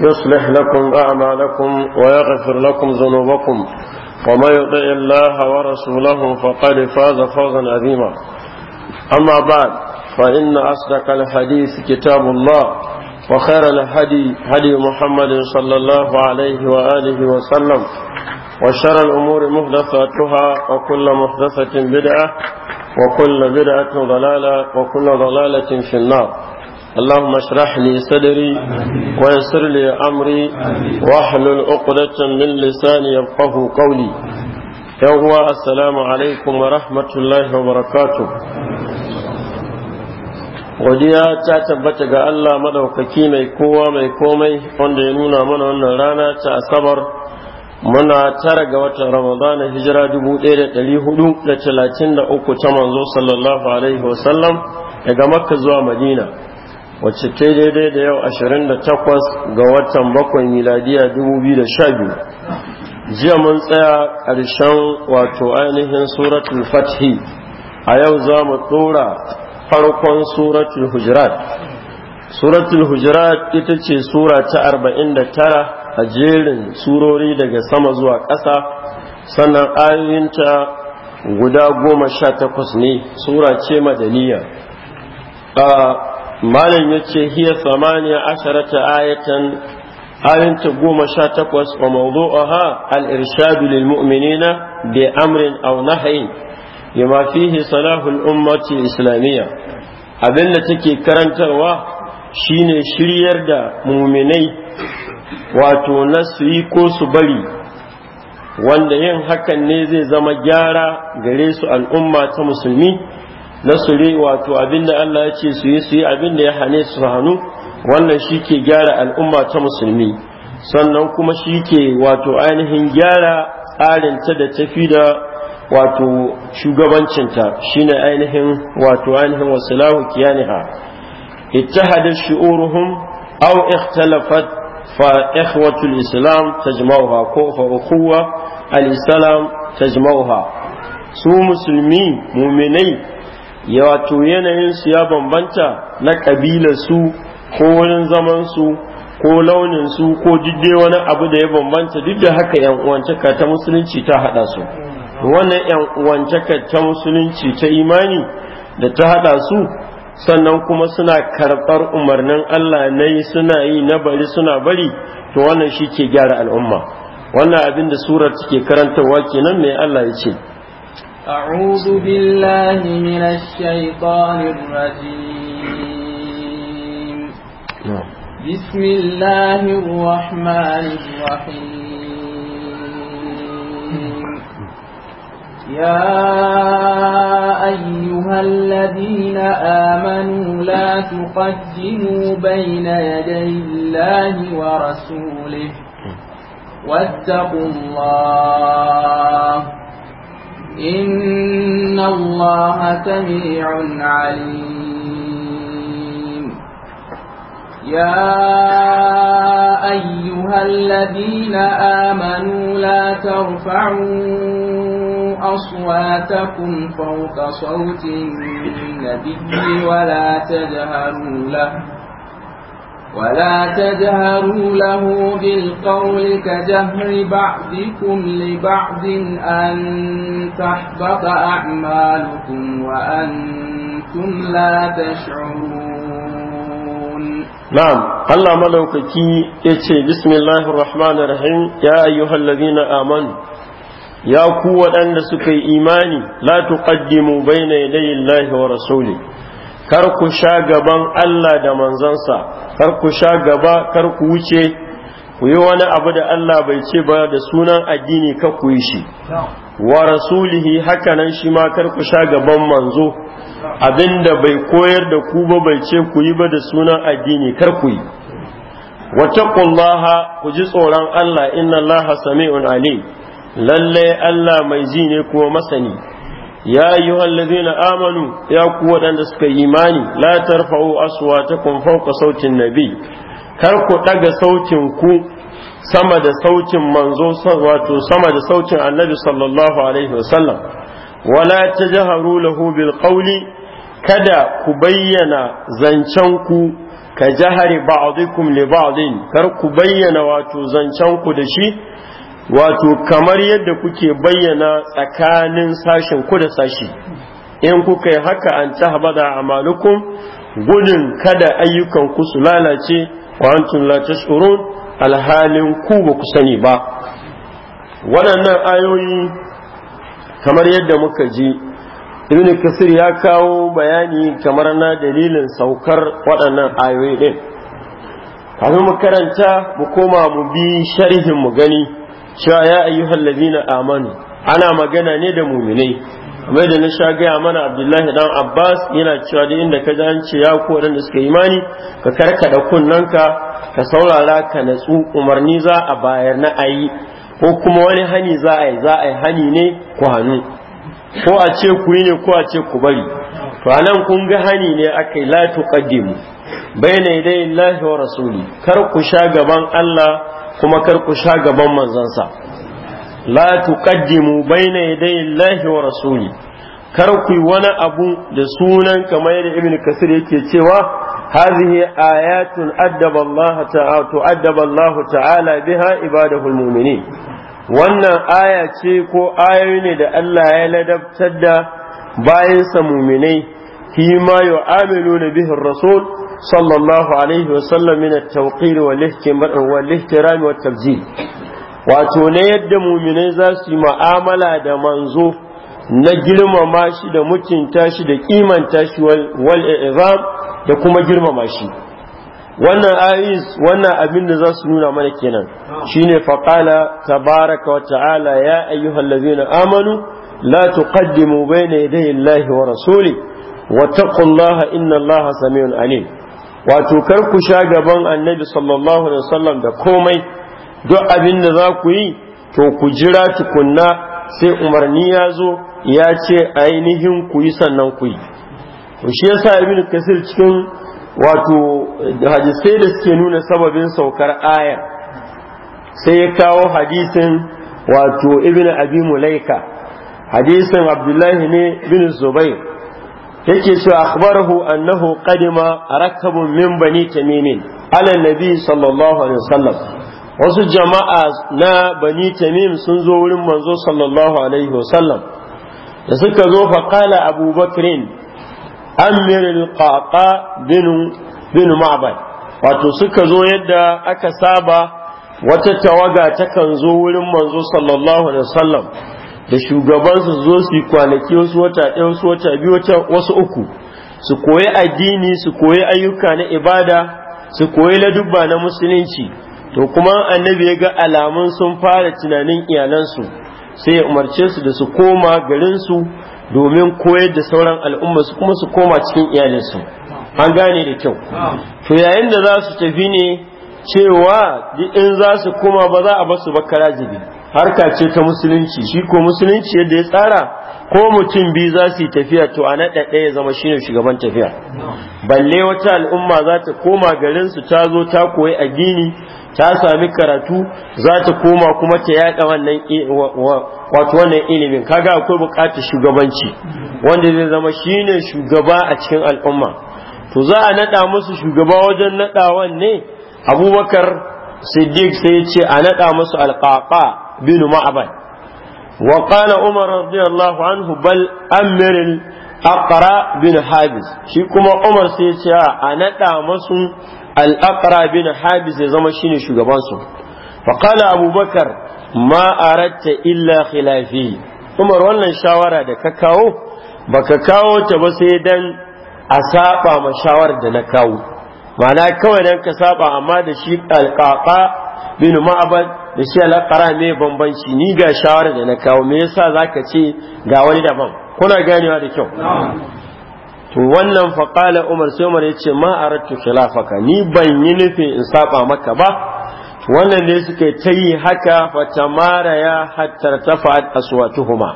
يصلح لكم أعمالكم ويغفر لكم ذنوبكم وما يطع الله ورسوله فقد فاز فوزا عظيما أما بعد فإن أصدق الحديث كتاب الله وخير الهدي هدي محمد صلى الله عليه وآله وسلم وشر الأمور محدثاتها وكل محدثة بدعة وكل بدعة ضلالة وكل ضلالة في النار اللهم اشرح لي صدري ويسر لي أمري واحلل عقدة من لساني يفقه قولي يوم السلام عليكم ورحمة الله وبركاته godiya ta tabbata ga Allah madaukaki mai kowa mai komai wanda ya nuna mana wannan rana ta asabar muna tara ga watan ramadana hijira uku ta manzo sallallahu alaihi wasallam daga makka zuwa madina wacce ta daidai da yau 28 ga watan bakwai miladiya 2012 jiya mun tsaya ƙarshen wato ainihin suratul fathi a yau za mu tsora farkon suratul hujurat suratul hujurat ita ce sura ta 49 a jerin surori daga sama zuwa ƙasa sannan ayoyinta guda goma sha takwas ne sura ce madaniya malam ya ce hiya samaniya asharata ayatan ayanta goma sha takwas wa mawdu'aha al-irshadu lil mu'minina bi amrin aw nahyin bima fihi salahul ummati islamiyya abin da take karantarwa shine shiryar da muminai wato na su yi ko su bari wanda yin hakan ne zai zama gyara gare su al'umma ta musulmi na sure wato abinda Allah ya ce su yi su yi abinda ya hane su hannu wannan shi ke gyara al'umma ta musulmi sannan kuma shi ke wato ainihin gyara tsarinta da tafi da wato shugabancinta shi shine ainihin wato ainihin wasilahu kiyaniha ittahada shu'uruhum aw ikhtalafat fa ikhwatul islam tajma'uha ko fa ukhuwa al-islam tajma'uha su musulmi muminai ya wato yanayin su ya bambanta na kabilar su ko wurin zaman su ko launin su ko didde wani abu da ya bambanta duk da haka yan uwantaka ta musulunci ta hada su wannan yan uwantaka ta musulunci ta imani da ta hada su sannan kuma suna karɓar umarnin Allah na yi suna yi na bari suna bari to wannan shi ke gyara al'umma wannan abin da surar take karantarwa kenan mai Allah ya ce أعوذ بالله من الشيطان الرجيم نعم. بسم الله الرحمن الرحيم يا أيها الذين آمنوا لا تقدموا بين يدي الله ورسوله واتقوا الله إن الله سميع عليم يا أيها الذين آمنوا لا ترفعوا أصواتكم فوق صوت النبي ولا تجهروا له ولا تجهروا له بالقول كجهر بعضكم لبعض أن تحبط أعمالكم وأنتم لا تشعرون نعم الله ملوككي يتي بسم الله الرحمن الرحيم يا أيها الذين آمنوا يا قوة أن سكي إيماني لا تقدموا بين يدي الله ورسوله kar ku sha gaban Allah da manzansa kar ku sha gaba kar ku wuce ku yi wani abu da Allah bai ce ba da sunan addini kar ku yi shi wa rasulihi hakanan shi ma kar ku sha gaban manzo abinda bai koyar da ku ba bai ce ku yi ba da sunan addini kar ku yi wattaqullaha ku ji tsoron Allah inna Allah sami'un alim lalle Allah mai ji ne kuma masani ya ayyuhal ladina amanu ya ku waɗanda suka imani la tarfa'u aswatakum fawqa sautin nabi kar ku ɗaga sautin ku sama da sautin manzo wato sama da sautin annabi sallallahu alaihi wasallam wala tajharu lahu bil qawli kada ku bayyana zancen ku ka jahari ba'dikum li ba'din kar ku bayyana wato zancen ku da shi wato kamar yadda kuke bayyana tsakanin sashen ku da sashi in kuka yi haka an tahbada amalukum gudun kada ayyukan ku su lalace wa antum la tashurun alhalin ku ba ku sani ba waɗannan ayoyi kamar yadda muka ji ibn kasir ya kawo bayani kamar na dalilin saukar waɗannan ayoyi ɗin kafin mu karanta mu koma mu bi sharhin mu gani cewa ya ayyuhal ladina amanu ana magana ne da muminai kamar da na sha gaya mana abdullahi dan abbas yana cewa da inda ka ji an ce ya ku waɗanda suka imani ka karkada kunnanka ka saurara ka natsu umarni za a bayar na ayi ko kuma wani hani za a yi za a yi hani ne ku hannu ko a ce ku yi ne ko a ce ku bari to anan kun ga hani ne aka yi la tuqaddimu bayna yadayi wa rasuli kar ku sha gaban Allah kuma kar ku sha gaban manzansa la tuqaddimu bayna yaday Allahi wa rasuli kar ku yi wani abu da sunan kamar yadda ibn kasir yake cewa hadhihi ayatun addaba Allah ta'ala tu'addaba Allah ta'ala biha ibadahu almu'minin wannan aya ce ko ayoyi ne da Allah ya ladabtar da bayansa mu'minai fi ma yu'amiluna bihi ar-rasul صلى الله عليه وسلم من التوقير والاحترام والتبجيل wato na yadda muminai za su yi ma'amala da manzo na girmama shi da mutunta shi da kimanta shi wal izam da kuma girmama shi wannan ayis wannan abin da za su nuna mana kenan shine faqala tabaraka wa ta'ala ya ayyuhallazina amanu la tuqaddimu bayna yadayi llahi wa rasuli inna allaha samiun alim wato kar ku sha gaban annabi sallallahu alaihi wasallam da komai duk abin da za ku yi to ku jira tukunna sai umarni ya zo ya ce ainihin ku yi sannan ku yi to shi yasa ibnu kasir cikin wato hadisai da suke nuna sababin saukar aya sai ya kawo hadisin wato ibnu abi mulaika hadisin abdullahi ne bin zubair yake so akhbarahu annahu qadima rakabun min bani tamimin ala nabi sallallahu alaihi wasallam wasu jama'a na bani tamim sun zo wurin manzo sallallahu alaihi wasallam da suka zo fa qala abubakrin amir alqaqa bin bin ma'bad wato suka zo yadda aka saba wata tawaga takan zo wurin manzo sallallahu alaihi wasallam da shugabansu zo su kwanaki wasu wata ɗaya wasu wata biyu wasu uku su koyi addini su koyi ayyuka na ibada su koyi ladubba na musulunci to kuma annabi ya ga alamun sun fara tunanin iyalansu sai ya umarce su da su koma garin su domin koyar da sauran al'umma su kuma su koma cikin iyalinsu an gane da kyau to yayin da za su tafi ne cewa in za su koma ba za a basu ba jibi. harka ce ta musulunci shi ko musulunci yadda ya tsara ko mutum biyu za su yi tafiya to a naɗa ɗaya zama shine shugaban tafiya balle wata al'umma za ta koma garinsu ta zo ta koyi addini ta sami karatu za ta koma kuma ta yaɗa wannan wato wannan ilimin kaga akwai buƙatar shugabanci wanda zai zama shine shugaba a cikin al'umma to za a naɗa musu shugaba wajen naɗawan ne abubakar siddiq sai ya ce a naɗa masu alƙaƙa binu ma'aban wa qala umar radiyallahu anhu bal amirin aqra bin habis shi kuma umar sai ce a naɗa masu al-aqra bin habis ya zama shine shugaban su fa abubakar ma aratta illa khilafi umar wannan shawara da ka kawo baka kawo ta ba sai dan a saba ma shawar da na kawo ma'ana kawai dan ka saba amma da shi alƙaƙa bin ma'abad da shi alƙara mai bambanci ni ga shawarar da na kawo me yasa zaka ce ga wani daban kuna ganewa da kyau to wannan faƙala umar sai umar ya ce ma aratu khilafaka ni ban yi nufi in saba maka ba wannan ne suka ta yi haka tamara ya hattar tafa'at aswatuhuma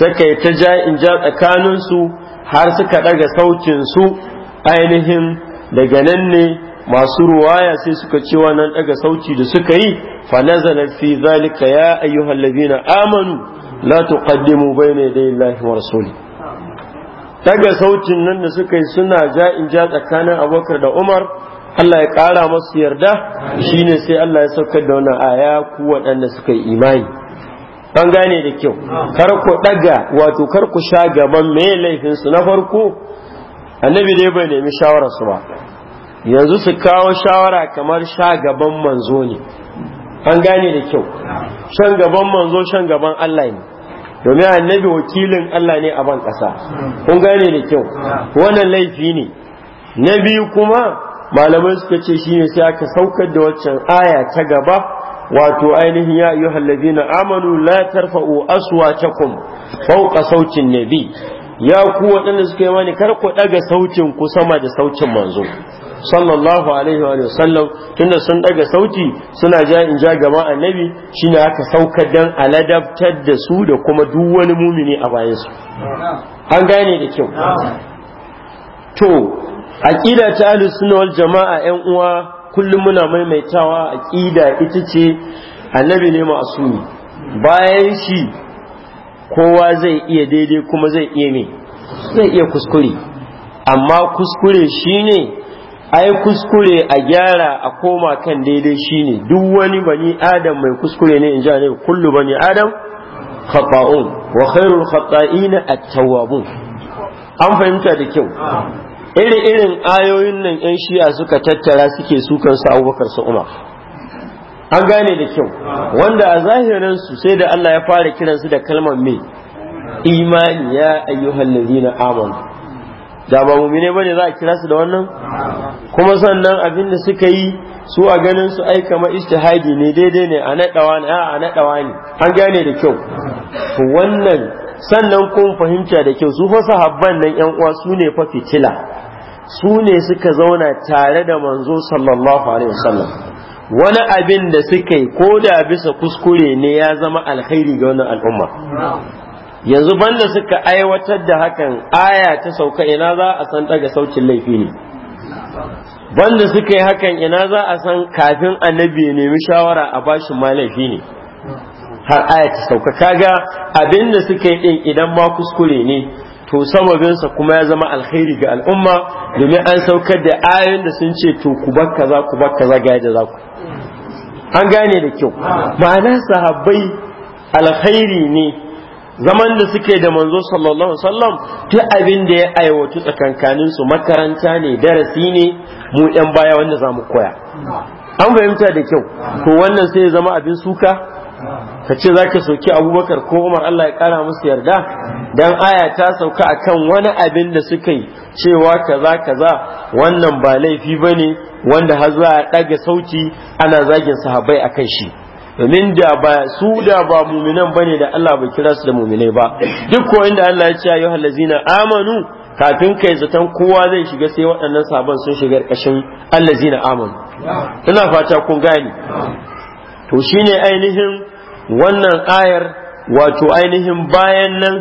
suka yi ta ja in ja tsakaninsu har suka ɗaga sautin su ainihin daga nan ne masu ruwaya sai suka ce wannan daga sauci da suka yi fa nazala fi zalika ya ayyuhal ladina amanu la tuqaddimu bayna yaday Allahi wa rasuli daga sautin nan da suka yi suna ja in ja tsakanin abokar da Umar Allah ya kara masu yarda shine sai Allah ya saukar da wannan aya ku waɗanda suka yi imani an gane da kyau kar ku daga wato kar ku sha gaban me laifinsu na farko annabi dai bai nemi su ba yanzu su kawo shawara kamar sha gaban manzo ne an gane da kyau shan gaban manzo shan gaban Allah ne domin annabi wakilin Allah ne a ban ƙasa kun gane da kyau wannan laifi ne na biyu kuma malamai suka ce shine sai aka saukar da waccan aya ta gaba wato ainihin ya na amanu la tarfa'u aswatakum fawqa sautin nabi ya ku waɗanda suka yi mani kar ku ɗaga sautin ku sama da sautin manzo sallallahu alaihi wa sallam tunda sun ɗaga sauti suna ja in ja gama annabi shine aka saukar dan aladabtar da su da kuma duk wani mumini a bayan su an gane da kyau to aqida ta ahlus sunna wal jama'a yan uwa kullum muna maimaitawa aqida ita ce annabi ne ma'asumi bayan shi kowa zai iya daidai kuma zai iya me zai iya kuskure amma kuskure shine ai kuskure a gyara a koma kan daidai shine duk wani bani adam mai kuskure ne in ji ne kullu bani adam khata'un wa khairul khata'ina at-tawwabun an fahimta da kyau irin irin ayoyin nan yan shi'a suka tattara suke sukan su Abubakar Umar an gane da kyau wanda a zahirin su sai da Allah ya fara kiransu da kalmar me imani ya ayyuhal ladina amanu da ba mumine bane za a kira su da wannan kuma sannan abin da suka yi su a ganin su ai kamar istihadi ne daidai ne a naɗawa ne a naɗawa ne an gane da kyau wannan sannan kun fahimta da kyau su fa sahabban nan yan uwa su ne fa fitila su ne suka zauna tare da manzo sallallahu alaihi wasallam wani abin da suka yi ko da bisa kuskure ne ya zama alkhairi ga wannan al'umma yanzu banda suka aiwatar da hakan aya ta sauka ina za a san daga saukin laifi ne banda suka yi hakan ina za a san kafin annabi ya nemi shawara a bashin ma laifi ne har aya ta sauka kaga abin da suka yi din idan ma kuskure ne to sababinsa kuma ya zama alkhairi ga al'umma domin an saukar da ayoyin da sun ce to ku bar kaza ku bar kaza ga yadda za ku an gane da kyau ma'ana sahabbai alkhairi ne zaman da suke da manzo sallallahu alaihi wasallam ta abin da ya aiwatu tsakankanin su makaranta ne darasi ne mu yan baya wanda za koya an fahimta da kyau to wannan sai ya zama abin suka ka ce za ka sauki abubakar ko umar Allah ya kara musu yarda don aya ta sauka a kan wani abin da suka yi cewa kaza kaza wannan ba laifi ba ne wanda har za a ɗaga sauti ana zagin sahabbai akan shi domin da ba su da ba muminan ne da Allah bai kira su da muminai ba duk ko inda Allah ya ce yi ladzina amanu kafin kai zaton kowa zai shiga sai waɗannan sabon sun shiga ƙashin allazina amanu ina fata kun gane to shine ainihin wannan ayar wato ainihin bayan nan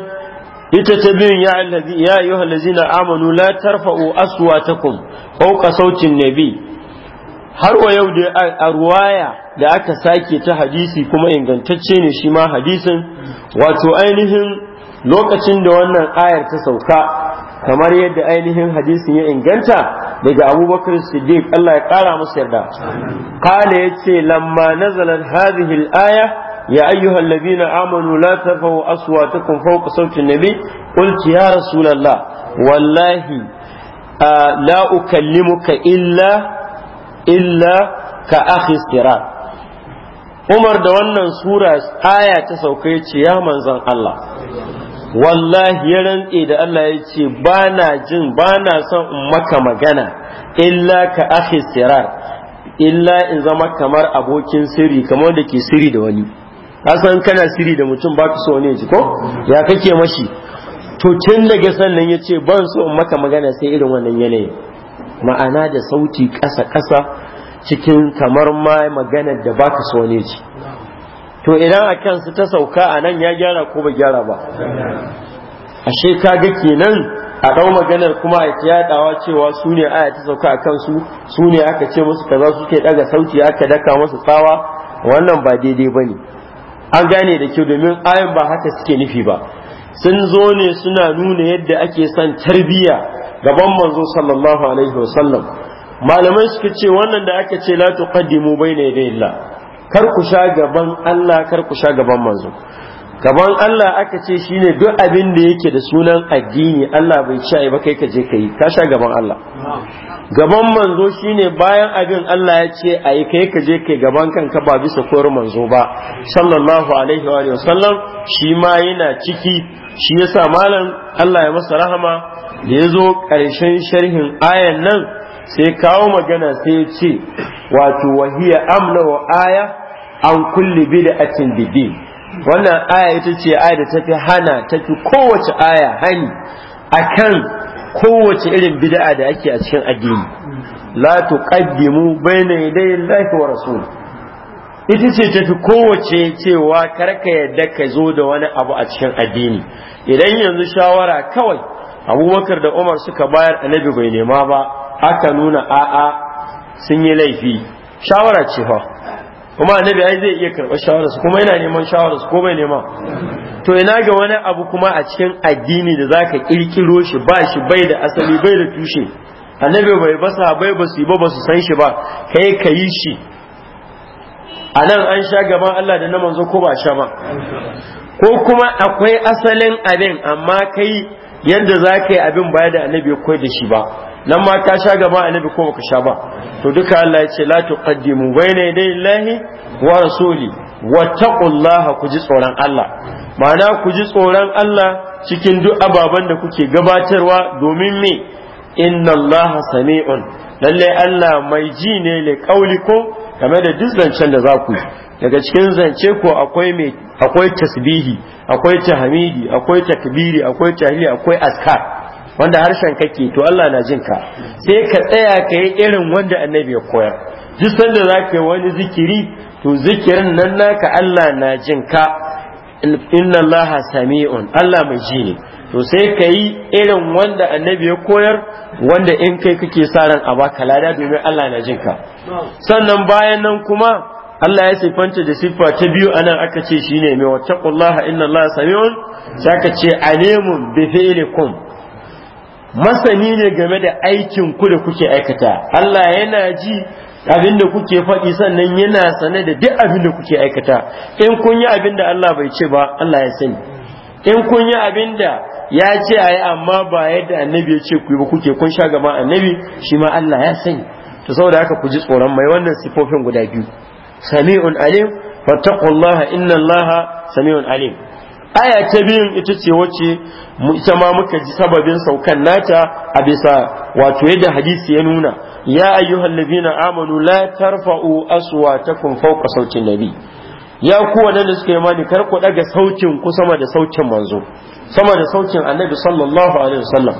ita ta biyun ya yi ya amanu la tarfa'u aswatakum fawqa sautin nabi har wa yau da a ruwaya da aka sake ta hadisi kuma ingantacce ne shi ma hadisin wato ainihin lokacin da wannan ayar ta sauka kamar yadda ainihin hadisin ya inganta daga abubakar siddiq Allah ya kara masa yarda kala ya ce lamma nazalar hazihil aya يا أيها الذين آمنوا لا ترفعوا أصواتكم فوق صوت النبي قلت يا رسول الله والله لا أكلمك إلا إلا كأخي Umar da wannan sura aya ta sauka ya ce ya manzan Allah wallahi ya rantse da Allah ya ce ba na jin ba na son in maka magana illa ka akhi sirar illa in zama kamar abokin sirri kamar da ke sirri da wani ka san kana siri da mutum ba baka so ne ji ko ya kake mashi to tun daga sannan ya ce ban so in maka magana sai irin wannan yanayi ma'ana da sauti ƙasa ƙasa cikin kamar ma maganar da ba baka so ne ji to idan a kansu ta sauka a nan ya gyara ko ba gyara ba ashe ga kenan a ɗau maganar kuma a yaɗawa cewa su ne aya ta sauka a kansu su ne aka ce musu kaza suke ɗaga sauti aka daka musu tsawa wannan ba daidai ba ne an gane da kyau domin ayan ba haka suke nufi ba sun zo ne suna nuna yadda ake son tarbiyya gaban manzo sallallahu alaihi wasallam malamai suka ce wannan da aka ce la tuqaddimu bayna yadayillah kar ku sha gaban Allah kar ku sha gaban manzo gaban Allah aka ce shine duk abin da yake da sunan addini Allah bai ci ba kai ka je ka ka sha gaban Allah gaban manzo shine bayan abin Allah ya ce a kai ka je kai gaban kanka ba bisa koyar manzo ba sallallahu alaihi wa sallam shi ma yana ciki shi yasa malam Allah ya masa rahama da ya zo ƙarshen sharhin ayan nan sai kawo magana sai ya ce wato wahiya amna wa aya an kulli bid'atin bidin wannan aya ita ce aya da tafi hana tafi kowace aya hani akan kowace irin bida'a da ake a cikin addini la tuqaddimu bayna yaday Allahi wa rasul ita ce tafi kowace cewa karka yadda ka zo da wani abu a cikin addini idan yanzu shawara kawai abubakar da umar suka bayar annabi bai nema ba aka nuna a'a sun yi laifi shawara ce fa kuma annabi ai zai iya karɓar shawararsu kuma yana neman shawararsu ko bai nema to ina ga wani abu kuma a cikin addini da zaka kirkiro shi ba shi bai da asali bai da tushe annabi bai basa bai basu yi ba basu san shi ba kai ka yi shi a nan an sha gaban Allah da na manzo ko ba sha ba ko kuma akwai asalin abin amma kai yadda za ka yi abin baya da annabi ya koyar da shi ba nan ma ka sha gaba annabi ko baka sha ba to duka Allah ya ce la tuqaddimu bayna yaday wa rasuli wattaqullaha ku ji tsoron Allah ma'ana ku ji tsoron Allah cikin duk ababan da kuke gabatarwa domin me inna Allah sami'un lalle Allah mai ji ne le kauli ko game da duk zancen da za ku daga cikin zance ko akwai me akwai tasbihi akwai tahmidi akwai takbiri akwai tahli akwai askar wanda harshen kake to Allah na jin ka sai ka tsaya ka yi irin wanda annabi ya koyar duk sanda za ka yi wani zikiri to zikirin nan naka Allah na jin ka inna Allah sami'un Allah mai ji ne to sai ka yi irin wanda annabi ya koyar wanda in kai kake sa ran a baka lada domin Allah na jin ka sannan bayan nan kuma Allah ya sifanta da siffa ta biyu anan aka ce shine mai wattaqullaha inna Allah sami'un sai ka ce alimun bi fi'likum masani ne game da aikin ku da kuke aikata Allah yana ji abin da kuke faɗi sannan yana sane da duk abin da kuke aikata in kun yi abin da Allah bai ce ba Allah ya sani in kun yi abin da ya ce a amma ba yadda annabi ya ce ku ba kuke kun sha gaba annabi shi ma Allah ya sani to saboda haka ku ji tsoron mai wannan sifofin guda biyu sami'un alim fattaqullaha inna sami'un alim aya ta biyun ita ce wace ita ma muka ji sababin saukan nata a bisa wato yadda hadisi ya nuna ya ayyuhal ladina amanu la tarfa'u aswatakum fawqa sautin nabi ya ku da suka imani kar ku daga sautin ku sama da sautin manzo sama da sautin annabi sallallahu alaihi wasallam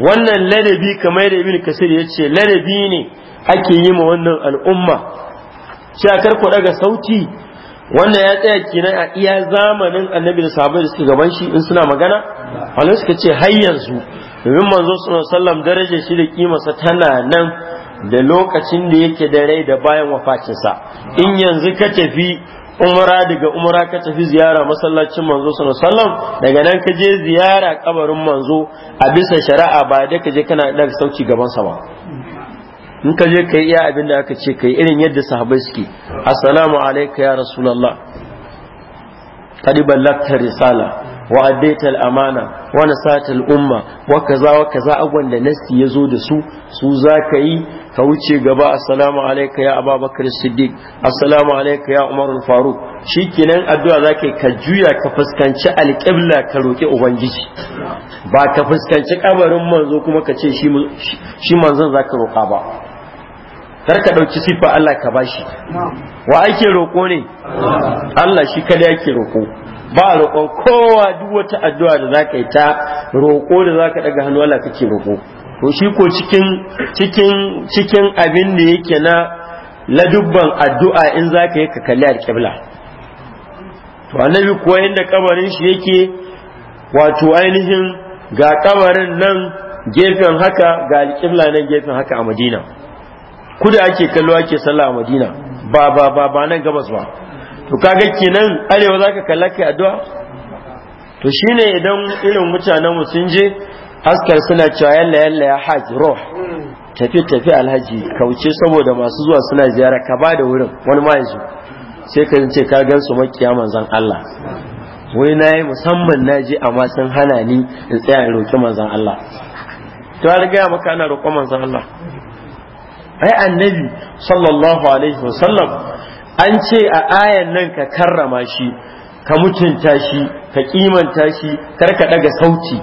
wannan ladabi kamar da ibn kasir yace ladabi ne ake yi ma wannan al'umma sai kar ku daga sauti wanda ya tsaya kenan a iya zamanin annabi da sahabbai da suke gaban shi in suna magana wallahi suka ce har yanzu domin manzo sallallahu sallam darajar shi da sa tana nan da lokacin da yake da rai da bayan sa in yanzu ka tafi umra daga umara ka tafi ziyara masallacin manzo sallallahu daga nan ka je ziyara kabarin manzo a bisa shari'a ba da ka je kana da sauki gaban sa ba in ka je ka yi iya abin da aka ce ka yi irin yadda sahabai suke assalamu alaika ya rasulallah kadi ballakta risala wa addaita al-amana wa nasata al-umma wa kaza wa kaza agwan da nasti yazo da su su zaka yi ka wuce gaba assalamu alayka ya ababakar siddiq assalamu alayka ya umar al-faruq shikenan addu'a zaka ka juya ka fuskanci al ka roki ubangiji ba ka fuskanci kabarin manzo kuma ka ce shi shi manzon zaka roka ba kar ka ɗauki sifa Allah ka bashi wa ake roƙo ne Allah shi kada yake roƙo ba roƙon kowa duk wata addu'a da zaka yi ta roƙo da zaka daga hannu Allah kake roƙo to shi ko cikin cikin cikin abin da yake na ladubban addu'a in zaka yi ka kalli alƙibla to annabi kuwa inda kabarin shi yake wato ainihin ga kabarin nan gefen haka ga alƙibla nan gefen haka a Madina kuda ake kallo ake sallah a madina ba ba ba ba nan gabas ba to kaga kenan arewa zaka kalla kai addu'a to shine idan irin mutanen mu sun je haskar suna cewa yalla yalla ya haji roh tafi tafi alhaji kauce saboda masu zuwa suna ziyara ka ba da wurin wani ma yaji sai ka ce ka gan su makiya manzon Allah wai na yi musamman na je amma sun hana ni in tsaya in roƙi manzon Allah to an gaya maka ana roƙon manzon Allah ai annabi sallallahu alaihi wasallam an ce a ayan nan ka karrama shi ka mutunta shi ka kimanta shi kar ka daga sauti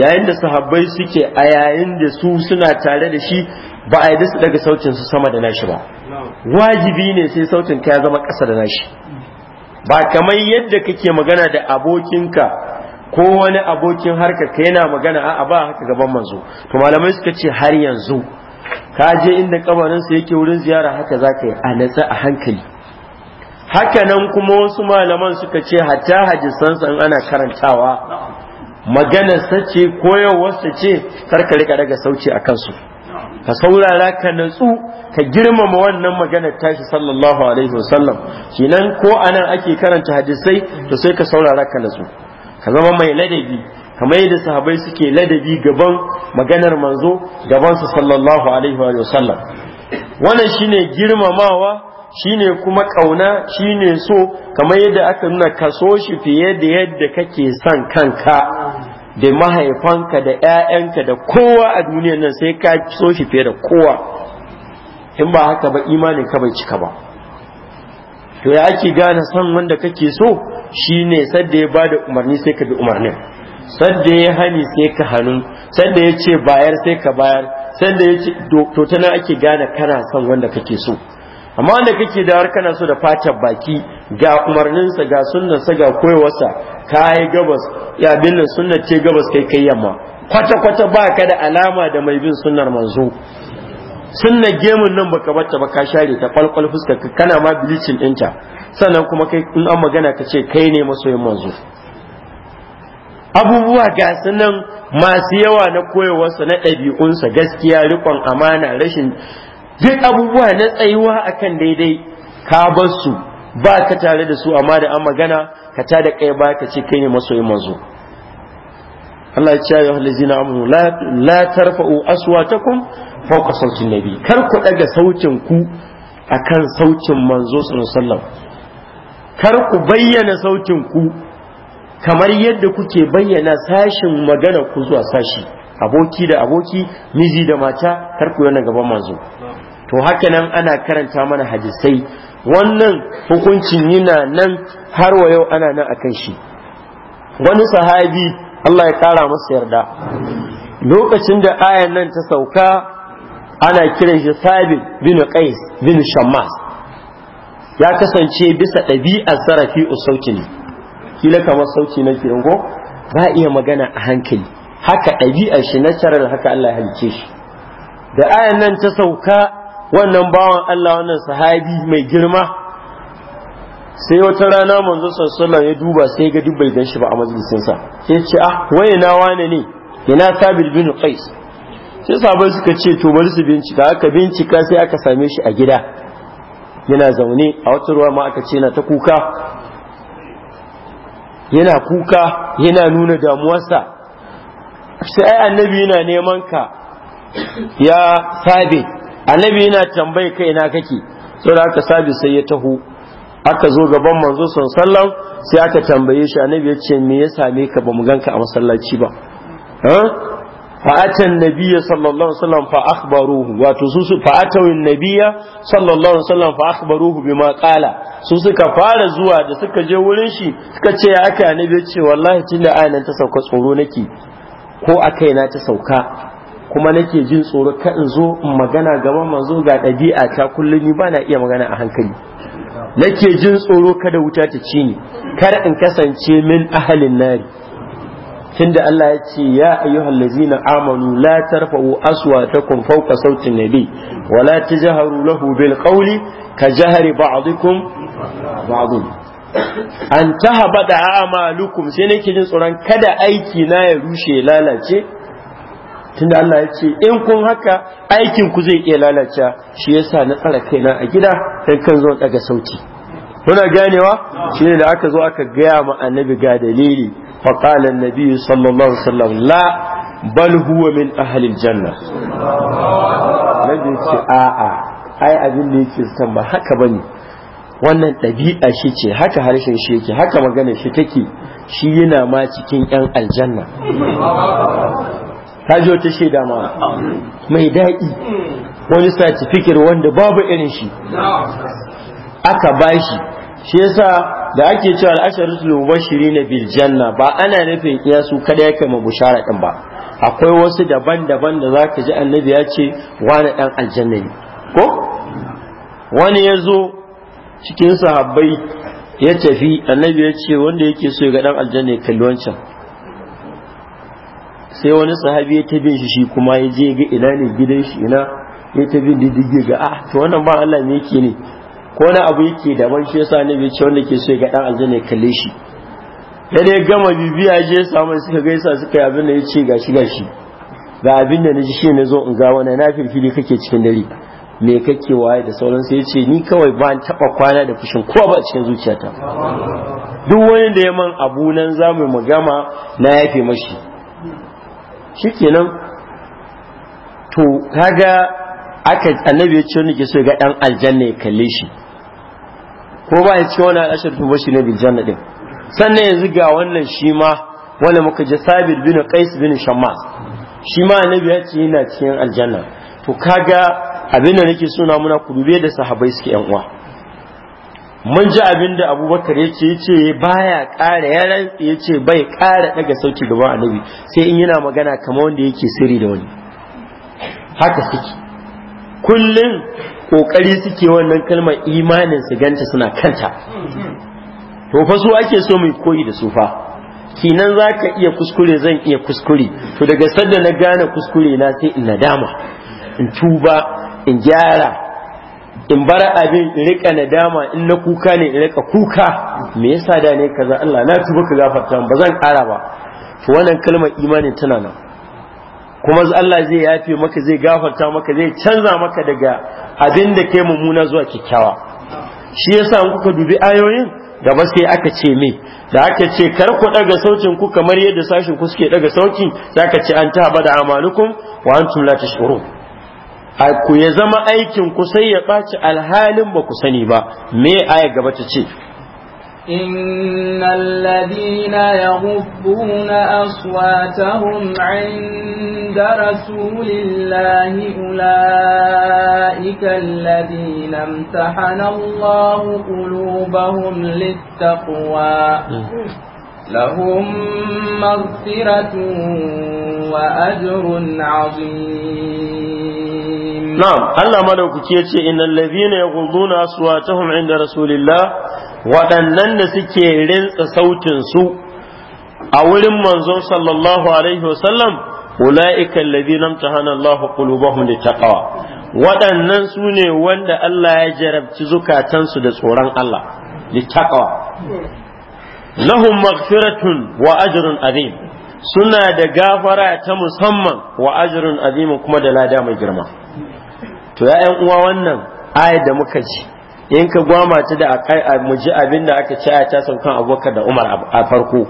yayin da sahabbai suke a yayin da su suna tare da shi ba a yi su daga sautin su sama da nashi ba wajibi ne sai sautin ka ya zama ƙasa da nashi ba kamar yadda kake magana da abokinka ko wani abokin harka ka yana magana a ba haka gaban manzo to malamai suka ce har yanzu ka je inda kabarinsa yake wurin ziyara haka za ka yi a natsa a hankali haka nan kuma wasu malaman suka ce hatta hadisansa in ana karantawa maganarsa ce koyarwarsa ce karka rika daga sauci a kansu ka saurara ka natsu ka girmama wannan maganar tashi sallallahu alaihi wasallam kinan ko anan ake karanta hadisai to sai ka saurara ka natsu ka zama mai ladabi kamar yadda sahabai suke ladabi gaban maganar manzo gabansa sallallahu alaihi wa sallam wannan shine girmamawa shine kuma kauna shine so kamar yadda aka nuna kaso shi fiye da yadda kake son kanka da mahaifanka da 'ya'yanka da kowa a duniyar nan sai ka so shi fiye da kowa in ba haka ba imanin ka bai cika ba to ya ake gane son wanda kake so shine sadda ya bada umarni sai ka bi umarnin sadda ya hani sai ka hannu sadda ya ce bayar sai ka bayar sadda ya ce to ta ake gane kana son wanda kake so amma wanda kake da kana so da fatar baki ga umarninsa ga sunnarsa ga koyarwarsa ka yi gabas ya binne sunnar ce gabas kai kai yamma kwata-kwata ba ka da alama da mai bin sunnar manzo sunna gemun nan baka bata ba ka share ta kwalkwal fuska kana ma bilicin ɗinta sannan kuma kai in an magana ka ce kai ne masoyin manzo abubuwa ga sunan masu yawa na koyarwarsa na ɗabi'unsa gaskiya rikon amana rashin duk abubuwa na tsayuwa akan daidai ka bar su ba ka tare da su amma da an magana ka ta da kai ba ka ce kai ne masoyin mazo Allah ya ce ya na amanu la ta kun? Fauka sautin nabi kar ku ɗaga sautin ku akan sautin manzo sallallahu kar ku bayyana sautin ku kamar yadda kuke bayyana sashin magana ku zuwa sashi aboki da aboki miji da mata kar ku yana gaban manzo to haka nan ana karanta mana hadisai wannan hukuncin yana nan har wa yau ana nan akan shi wani sahabi Allah ya kara masa yarda lokacin da ayan nan ta sauka ana kiran shi sabit bin qais bin shammas ya kasance bisa ɗabi'ar sarafi usauki ne kila kamar sauti na kiran ko ba iya magana a hankali haka ɗabi'ar shi na carar haka Allah ya halice shi da ayan nan ta sauka wannan bawan Allah wannan sahabi mai girma sai wata rana manzo sallallahu ya duba sai ga dubbai gan shi ba a majalisin sa sai ce ah waye na wane ne ina sabir bin qais sai sabon suka ce to bari su bincika aka bincika sai aka same shi a gida yana zaune a wata ruwa ma aka ce na ta kuka yana kuka yana nuna damuwarsa sai annabi yana neman ka ya sabe annabi yana tambaye kai ina kake saboda aka sabe sai ya taho aka zo gaban manzo sallam sai aka tambaye shi annabi ya ce me ya same ka bamu ganka a masallaci ba fa'atan nabiyya sallallahu alaihi wasallam fa akhbaruhu wato su su fa'atawin nabiyya sallallahu alaihi wasallam fa akhbaruhu bima qala su suka fara zuwa da suka je wurin shi suka ce ya aka annabi ce wallahi tunda ayan ta sauka tsoro nake ko akai na ta sauka kuma nake jin tsoro ka in zo in magana gaba manzo ga ɗabi'a ta kullum ni bana iya magana a hankali nake jin tsoro kada wuta ta ci ni kar in kasance min ahalin nari tunda Allah ya ce ya ayyuhal ladzina amanu la tarfa'u aswatakum fawqa sautin nabi wa la tajharu lahu bil qawli ka jahri ba'dikum ba'dun an tahaba da amalukum sai nake jin tsoron kada aiki na ya rushe lalace tunda Allah ya ce in kun haka aikin ku zai iya lalace shi yasa na tsara kaina a gida dan kan zo daga sauti kuna ganewa shine da aka zo aka gaya ma annabi ga dalili fa qala annabi sallallahu alaihi wasallam la bal huwa min ahli aljanna ce a a ai abin da yake san ba haka bane wannan ɗabi'a shi ce haka harshen shi yake haka magana shi take shi yana ma cikin 'yan aljanna ta ji wata shaida ma mai daɗi wani satifikir wanda babu irin shi aka bashi shi yasa da ake cewa al'asharatul mubashirin bil janna ba ana nufin iya su kada ya ma bushara din ba akwai wasu daban-daban da zaka ji annabi ya ce wani dan aljanna ne ko wani ya zo cikin sahabbai ya tafi annabi ya ce wanda yake so ya ga dan aljanna ya kalli wancan sai wani sahabi ya tabi shi shi kuma ya je ga ina ne gidan shi ina ya tabi diddige ga ah to wannan ba Allah ne yake ne ko na abu yake daban shi yasa ne bai ce wanda ke so ya ga dan aljanna ya kalle shi da ne gama bibiya je samu suka gaisa suka yi abin da ya ce gashi gashi ga abin da naji shi ne zo in ga wani na filfili kake cikin dare me kake waye da sauran sai ya ce ni kawai ba an taba kwana da fushin ko ba cikin zuciyata duk wani da ya man abu nan za mu magama na yafe mashi shikenan to kaga aka annabi ya ce wani ke so ga dan aljanna ya kalle shi ko ba ya ce wani al'ashar tuba shi ne biljanna ɗin, sannan yanzu ga wannan shi ma wani muka je sabir bin kais bin shammas shi ma annabi ya ce yana cikin aljanna to kaga abinda nake suna muna ku dube da sahabbai suke yan uwa mun ji abinda abubakar ya ce yace baya ƙara ya rantsi ya ce bai ƙara daga sauki gaban annabi sai in yana magana kamar wanda yake sirri da wani haka suke kullum kokari suke wannan kalmar imanin su ganta suna kanta to fa su ake so mu koyi da su fa kinan zaka iya kuskure zan iya kuskure to daga sanda na gane kuskure na sai in nadama in tuba in gyara in bar abin in rika nadama in na kuka ne in rika kuka me yasa da ne kaza Allah na tuba ka gafarta ba zan kara ba to wannan kalmar imanin tana nan kuma Allah zai yafe maka zai gafarta maka zai canza maka daga abin da kai mummuna zuwa kyakkyawa shi yasa in kuka dubi ayoyin gaba sai aka ce me da aka ce kar ku daga saukin ku kamar yadda sashin ku suke daga Za zaka ce an taba da amalukum wa antum la tashurun ku ya zama aikin ku sai ya ɓaci alhalin ba ku sani ba me aya gaba ta ce إن الذين يغضون أصواتهم عند رسول الله أولئك الذين امتحن الله قلوبهم للتقوى لهم مغفرة وأجر عظيم نعم الله ملوك كيتي إن الذين يغضون أصواتهم عند رسول الله waɗannan da suke rintsa sautin su a wurin manzon sallallahu alaihi wasallam ula'ika alladhina imtahana Allah qulubahum taqwa waɗannan su ne wanda Allah ya jarabci zukatansu da tsoron Allah taqwa lahum maghfiratun wa ajrun azim suna da gafara ta musamman wa ajrun azim kuma da lada mai girma to ya'yan uwa wannan ayat da muka ci in ka gwama ta da a muji abin da aka ce ta saukan abokan da umar a farko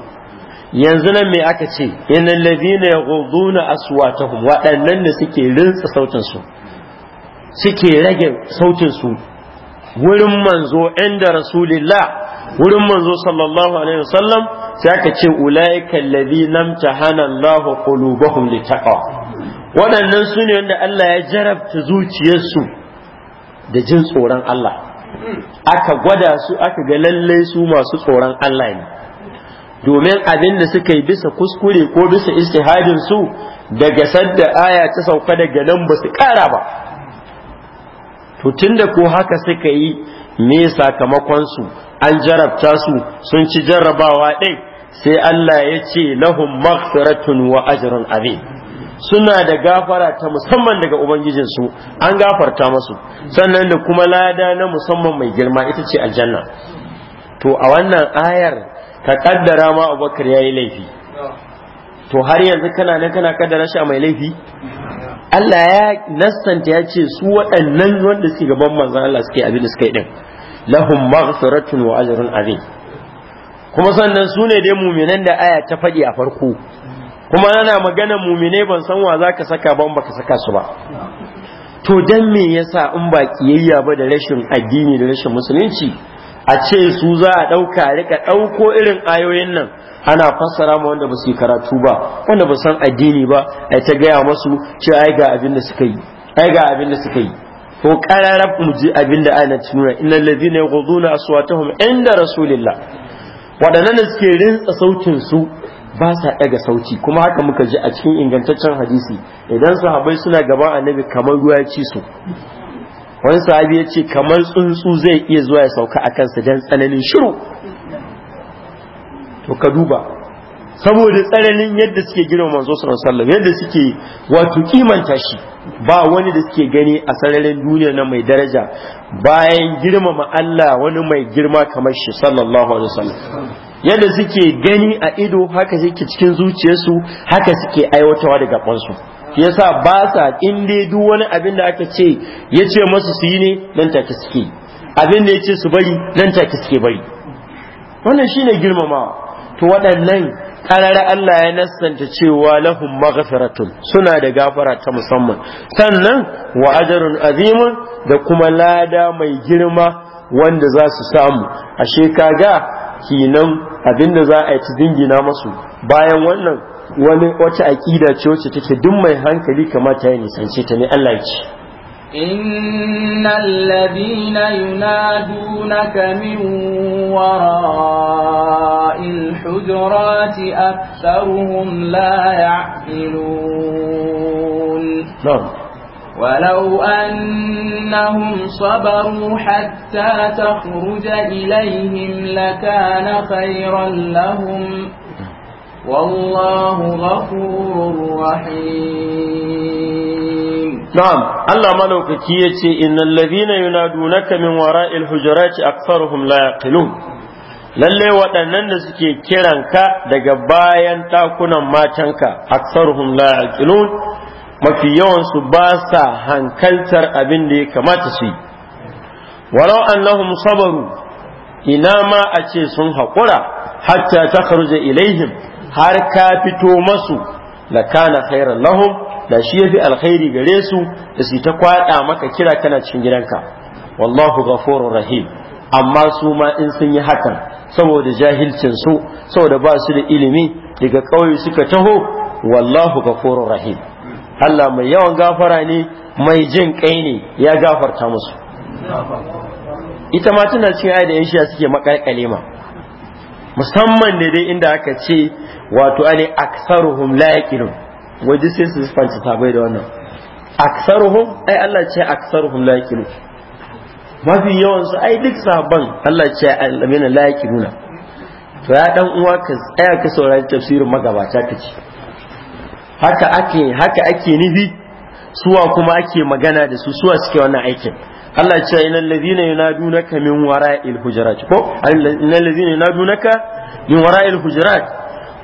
yanzu nan me aka ce ya gudu yaghudduna asuwata waɗannan da suke rinsa sautinsu, suke rage sautinsu. wurin manzo inda rasulillah wurin manzo sallallahu alaihi wasallam sai aka ce ulaika alladhina imtahana Allahu qulubahum litaqwa waɗannan su ne wanda Allah ya jarabta zuciyarsu da jin tsoron Allah aka gwada su aka ga lallai su masu tsoron Allah ne domin abin da suka yi bisa kuskure ko bisa istihadin su daga sadda aya ta sauka daga nan ba su kara ba to tunda ko haka suka yi me sakamakon su an jarabta su sun ci jarrabawa ɗin sai Allah ya ce lahum maghfiratun wa ajrun azim suna da gafara ta musamman daga ubangijinsu an gafarta masu sannan da kuma lada na musamman mai girma ita ce aljanna to a wannan ayar ka kaddara ma abubakar ya yi laifi to har yanzu kana nan kana kaddara shi a mai laifi Allah ya nastanta ya ce su waɗannan wanda suke gaban manzan Allah suke abin da suke din lahum maghfiratun wa ajrun azim kuma sannan su ne dai muminan da aya ta faɗi a farko kuma yana magana muminai ban san wa ka saka ba ka baka saka su ba to dan me yasa in ba kiyayya ba da rashin addini da rashin musulunci a ce su za a ɗauka a rika ɗauko irin ayoyin nan ana fassara ma wanda ba su yi karatu ba wanda ba san addini ba ai ta gaya masu ce ai ga abin da suka yi ai ga abin da suka yi ko kararar mu ji abin da ana tunura inna allazina yaghuduna aswatahum inda rasulillah waɗannan suke rinsa sautin su ba sa ɗaga sauti kuma haka muka ji a cikin ingantaccen hadisi idan sahabai suna gaban annabi kamar ruwa ci su wani sahabi ya ce kamar tsuntsu zai iya zuwa ya sauka a kansa don tsananin shiru to ka duba saboda tsananin yadda suke girma manzo sallallahu yadda suke wato kimanta shi ba wani da suke gani a sararin duniya na mai daraja bayan girmama Allah wani mai girma kamar shi sallallahu alaihi wasallam yadda suke gani a ido haka suke cikin zuciyarsu haka suke aiwatawa da gabansu yasa ba sa in dai duk wani abin da aka ce ya ce masu su yi ne nan take suke abin da ya ce su bari nan take suke bari wannan shine girmamawa to waɗannan karara Allah ya nassanta cewa lahum maghfiratun suna da gafara ta musamman sannan wa ajrun azimun da kuma lada mai girma wanda za su samu ashe kaga kinan abinda za a yi dingina masu bayan wannan wani wata aƙida ce wacce take duk mai hankali kamata ya nisance ta ne Allah ya ce إن الذين ينادونك من وراء الحجرات أكثرهم لا يعقلون نعم ولو أنهم صبروا حتى تخرج إليهم لكان خيرا لهم والله غفور رحيم na'am Allah malaukaki yace innal ladhina yunadunaka min wara'il hujurati aktharuhum la yaqilun lalle waɗannan da suke kiranka daga bayan ɗakunan matanka aksaruhum la yaqilun mafi yawan ba sa hankaltar abin da ya kamata su yi walau annahum sabaru ina ma a ce sun haƙura hatta ta ilaihim har ka fito masu la kana khairan lahum da shi yafi alkhairi gare su da su ta kwaɗa maka kira kana cikin gidanka wallahu ghafurur rahim amma su ma in sun yi hakan saboda jahilcin su saboda ba su da ilimi daga ƙauye suka taho wallahu ghafurur rahim Allah mai yawan gafara ne mai jin kai ne ya gafarta musu ita ma tana cikin ayi da yan shiya suke makalkale ma musamman ne dai inda aka ce wato ani aksaruhum la yaqilun wai duk sai su sifanci sabai da wannan aksaruhum ai Allah ce aksaruhum la yaqilu mafi yawan su ai duk saban Allah ce al'amina la yaqiluna to ya dan uwa ka tsaya ka saurari tafsirin magabata kace haka ake haka ake nufi suwa kuma ake magana da su suwa suke wannan aikin Allah ce inna allazina yunadunaka min wara'il hujurat ko inna allazina yunadunaka min wara'il hujurat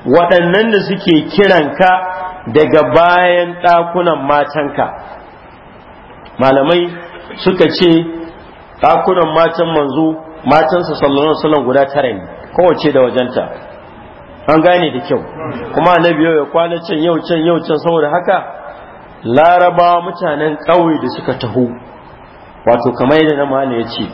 waɗannan da suke kiranka daga bayan ɗakunan matanka malamai suka ce ɗakunan matan manzo matansa sallallahu alaihi guda tara ne kowace da wajenta an gane da kyau kuma na yau ya kwana can yau can yau can saboda haka larabawa mutanen ƙauye da suka taho wato kamar yadda na mahala ya ce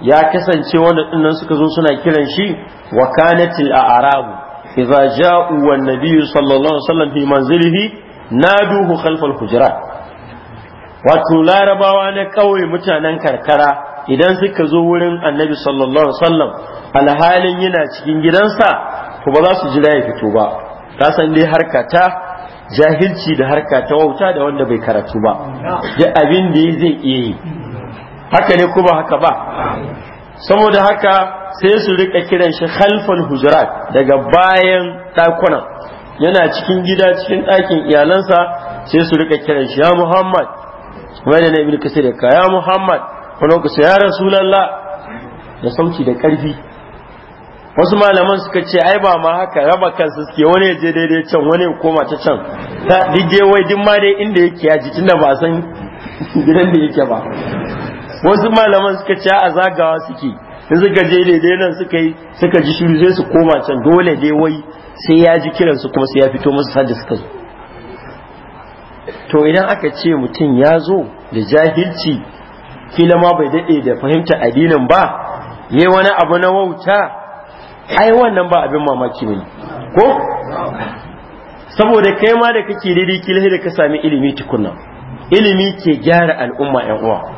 ya kasance wanda dinnan suka zo suna kiran shi wakanatil a arabu idza ja'u wan nabiy sallallahu alaihi wasallam fi manzilihi naduhu khalf al wato larabawa na kawai mutanen karkara idan suka zo wurin annabi sallallahu alaihi wasallam alhalin yana cikin gidansa ko ba za su jira ya fito ba ka san dai harka ta jahilci da harka ta wauta da wanda bai karatu ba Da abin da zai iya yi haka ne ko ba haka ba saboda haka sai su rika kiran shi khalfal hujurat daga bayan ɗakunan yana cikin gida cikin ɗakin iyalansa sai su rika kiran shi ya muhammad wani na ibn kasir ya ya muhammad wani sai ya rasulullah da sauki da karfi wasu malaman suka ce ai ba ma haka raba kansu suke wani ya je daidai can wani ya koma ta can ta dige wai duk ma dai inda yake ya ji da ba san gidan da yake ba wasu malaman suka ce a zagawa suke in suka je daidai nan suka yi suka ji shiru sai su koma can dole dai wai sai ya ji kiran su kuma sai ya fito musu sadda suka zo to idan aka ce mutum ya zo da jahilci kila ma bai daɗe da fahimta addinin ba yi wani abu na wauta ai wannan ba abin mamaki ne ko saboda kai ma da kake daidai kila da ka sami ilimi tukunna ilimi ke gyara al'umma yan uwa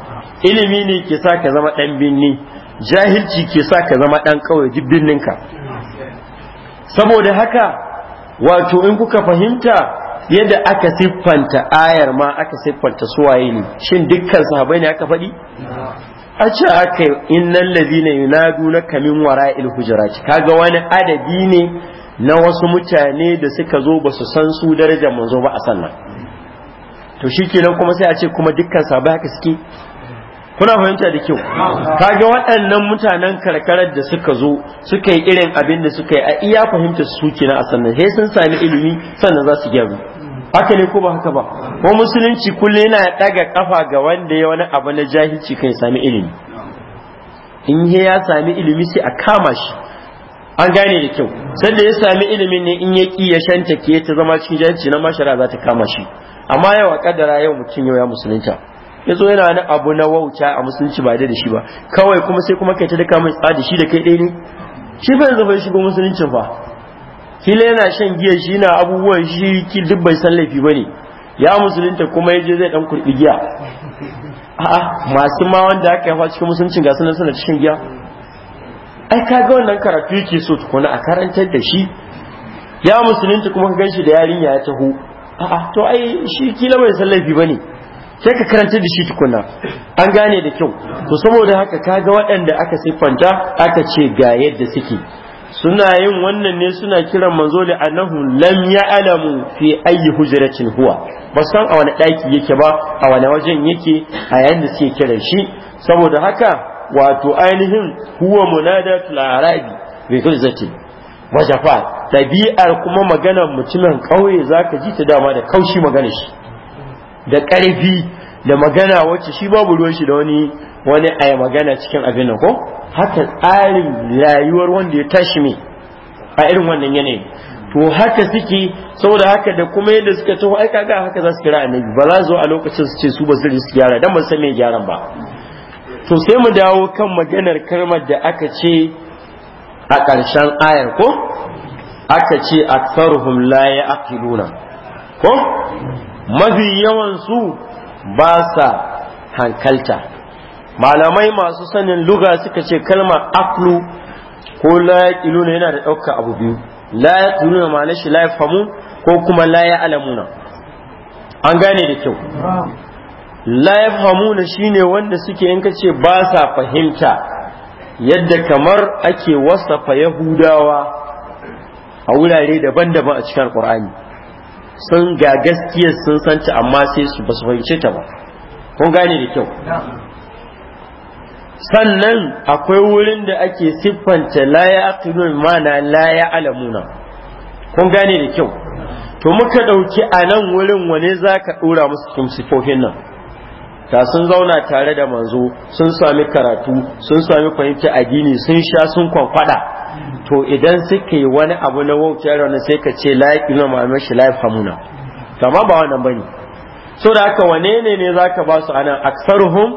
ilimi ne ke sa ka zama ɗan binni jahilci ke sa ka zama ɗan kawai jibbinninka saboda haka wato in kuka fahimta yadda aka siffanta ayar ma aka siffanta suwaye ne shin dukkan sahabai ne aka faɗi a ce aka innan lazina yunadu na kamin wara ilhujirati kaga wani adadi ne na wasu mutane da suka zo ba su san su darajar manzo ba a sannan to shi kenan kuma sai a ce kuma dukkan sahabai haka suke kuna fahimta da kyau kaga waɗannan mutanen karkarar da suka zo suka yi irin abin da suka yi a iya fahimta su na a sannan sai sun sami ilimi sannan za su gyaru haka ne ko ba haka ba ko musulunci kullum yana daga kafa ga wanda ya wani abu na jahilci kai sami ilimi in ya sami ilimi sai a kama shi an gane da kyau sanda ya sami ilimin ne in ya ki ya shanta ke ta zama cikin jahilci na mashara za ta kama shi amma yau a kaddara yau mutum yau ya musulunta ya zo yana wani abu na wauta a musulunci ba da shi ba kawai kuma sai kuma kai ta daka mai tsada shi da kai ɗaya ne shi bai yanzu shi shigo musulunci fa kila yana shan giya shi na abubuwan shi ki duk bai san laifi ba ne, ya musulunta kuma ya je zai dan kurɓi giya a'a masu ma wanda aka yi cikin musuluncin ga sunan suna cikin giya ai ka ga wannan karatu yake so tukuna a karantar da shi ya musulunta kuma ka ganshi da yarinya ya taho a'a to ai shi kila bai san laifi ba ne. sai ka karanta da shi tukuna an gane da kyau to saboda haka kaga waɗanda aka siffanta aka ce ga yadda suke suna yin wannan ne suna kiran manzo da annahu lam ya'lamu fi ayi hujratin huwa ba san a wani ɗaki yake ba a wani wajen yake a yayin da suke kiran shi saboda haka wato ainihin huwa munadatul arabi bi hujratin wajafa tabi'ar kuma maganar mutumin kauye zaka ji ta dama da kaushi maganar shi da ƙarfi da magana wacce shi babu ruwan shi da wani wani a magana cikin abin nan ko haka tsarin rayuwar wanda ya tashi mai a irin wannan yanayi to haka suke saboda haka da kuma yadda suka taho ai kaga haka za su kira annabi ba za su a lokacin su ce su ba su su gyara dan ba san me gyaran ba to sai mu dawo kan maganar karmar da aka ce a ƙarshen ayar ko aka ce aktsaruhum la ya'qiluna ko mafi yawansu ba sa hankalta malamai masu sanin luga suka ce kalmar aklu ko layakilu yaqiluna yana da ɗaukar abu biyu layakilu na ma'ana shi layafamu ko kuma laya Alamuna? an gane da kyau na shi ne wanda suke in kace ba sa fahimta yadda kamar ake wasafa yahudawa a wurare daban-daban a cikin alqur'ani sun ga gaskiya sun san ta amma sai su ba su fahimce ta ba kun gane da kyau sannan akwai wurin da ake siffanta la ya ma mana la ya alamuna kun gane da kyau to muka ɗauki a nan wurin wane zaka ɗora musu cikin sifofin nan ta sun zauna tare da manzo sun sami karatu sun sami fahimtar addini sun sha sun kwankwada to idan suka yi wani abu na wautar wani sai ka ce laif ina mamar shi laif hamuna kama ba wannan bane so da haka wane ne ne ka ba su anan hum?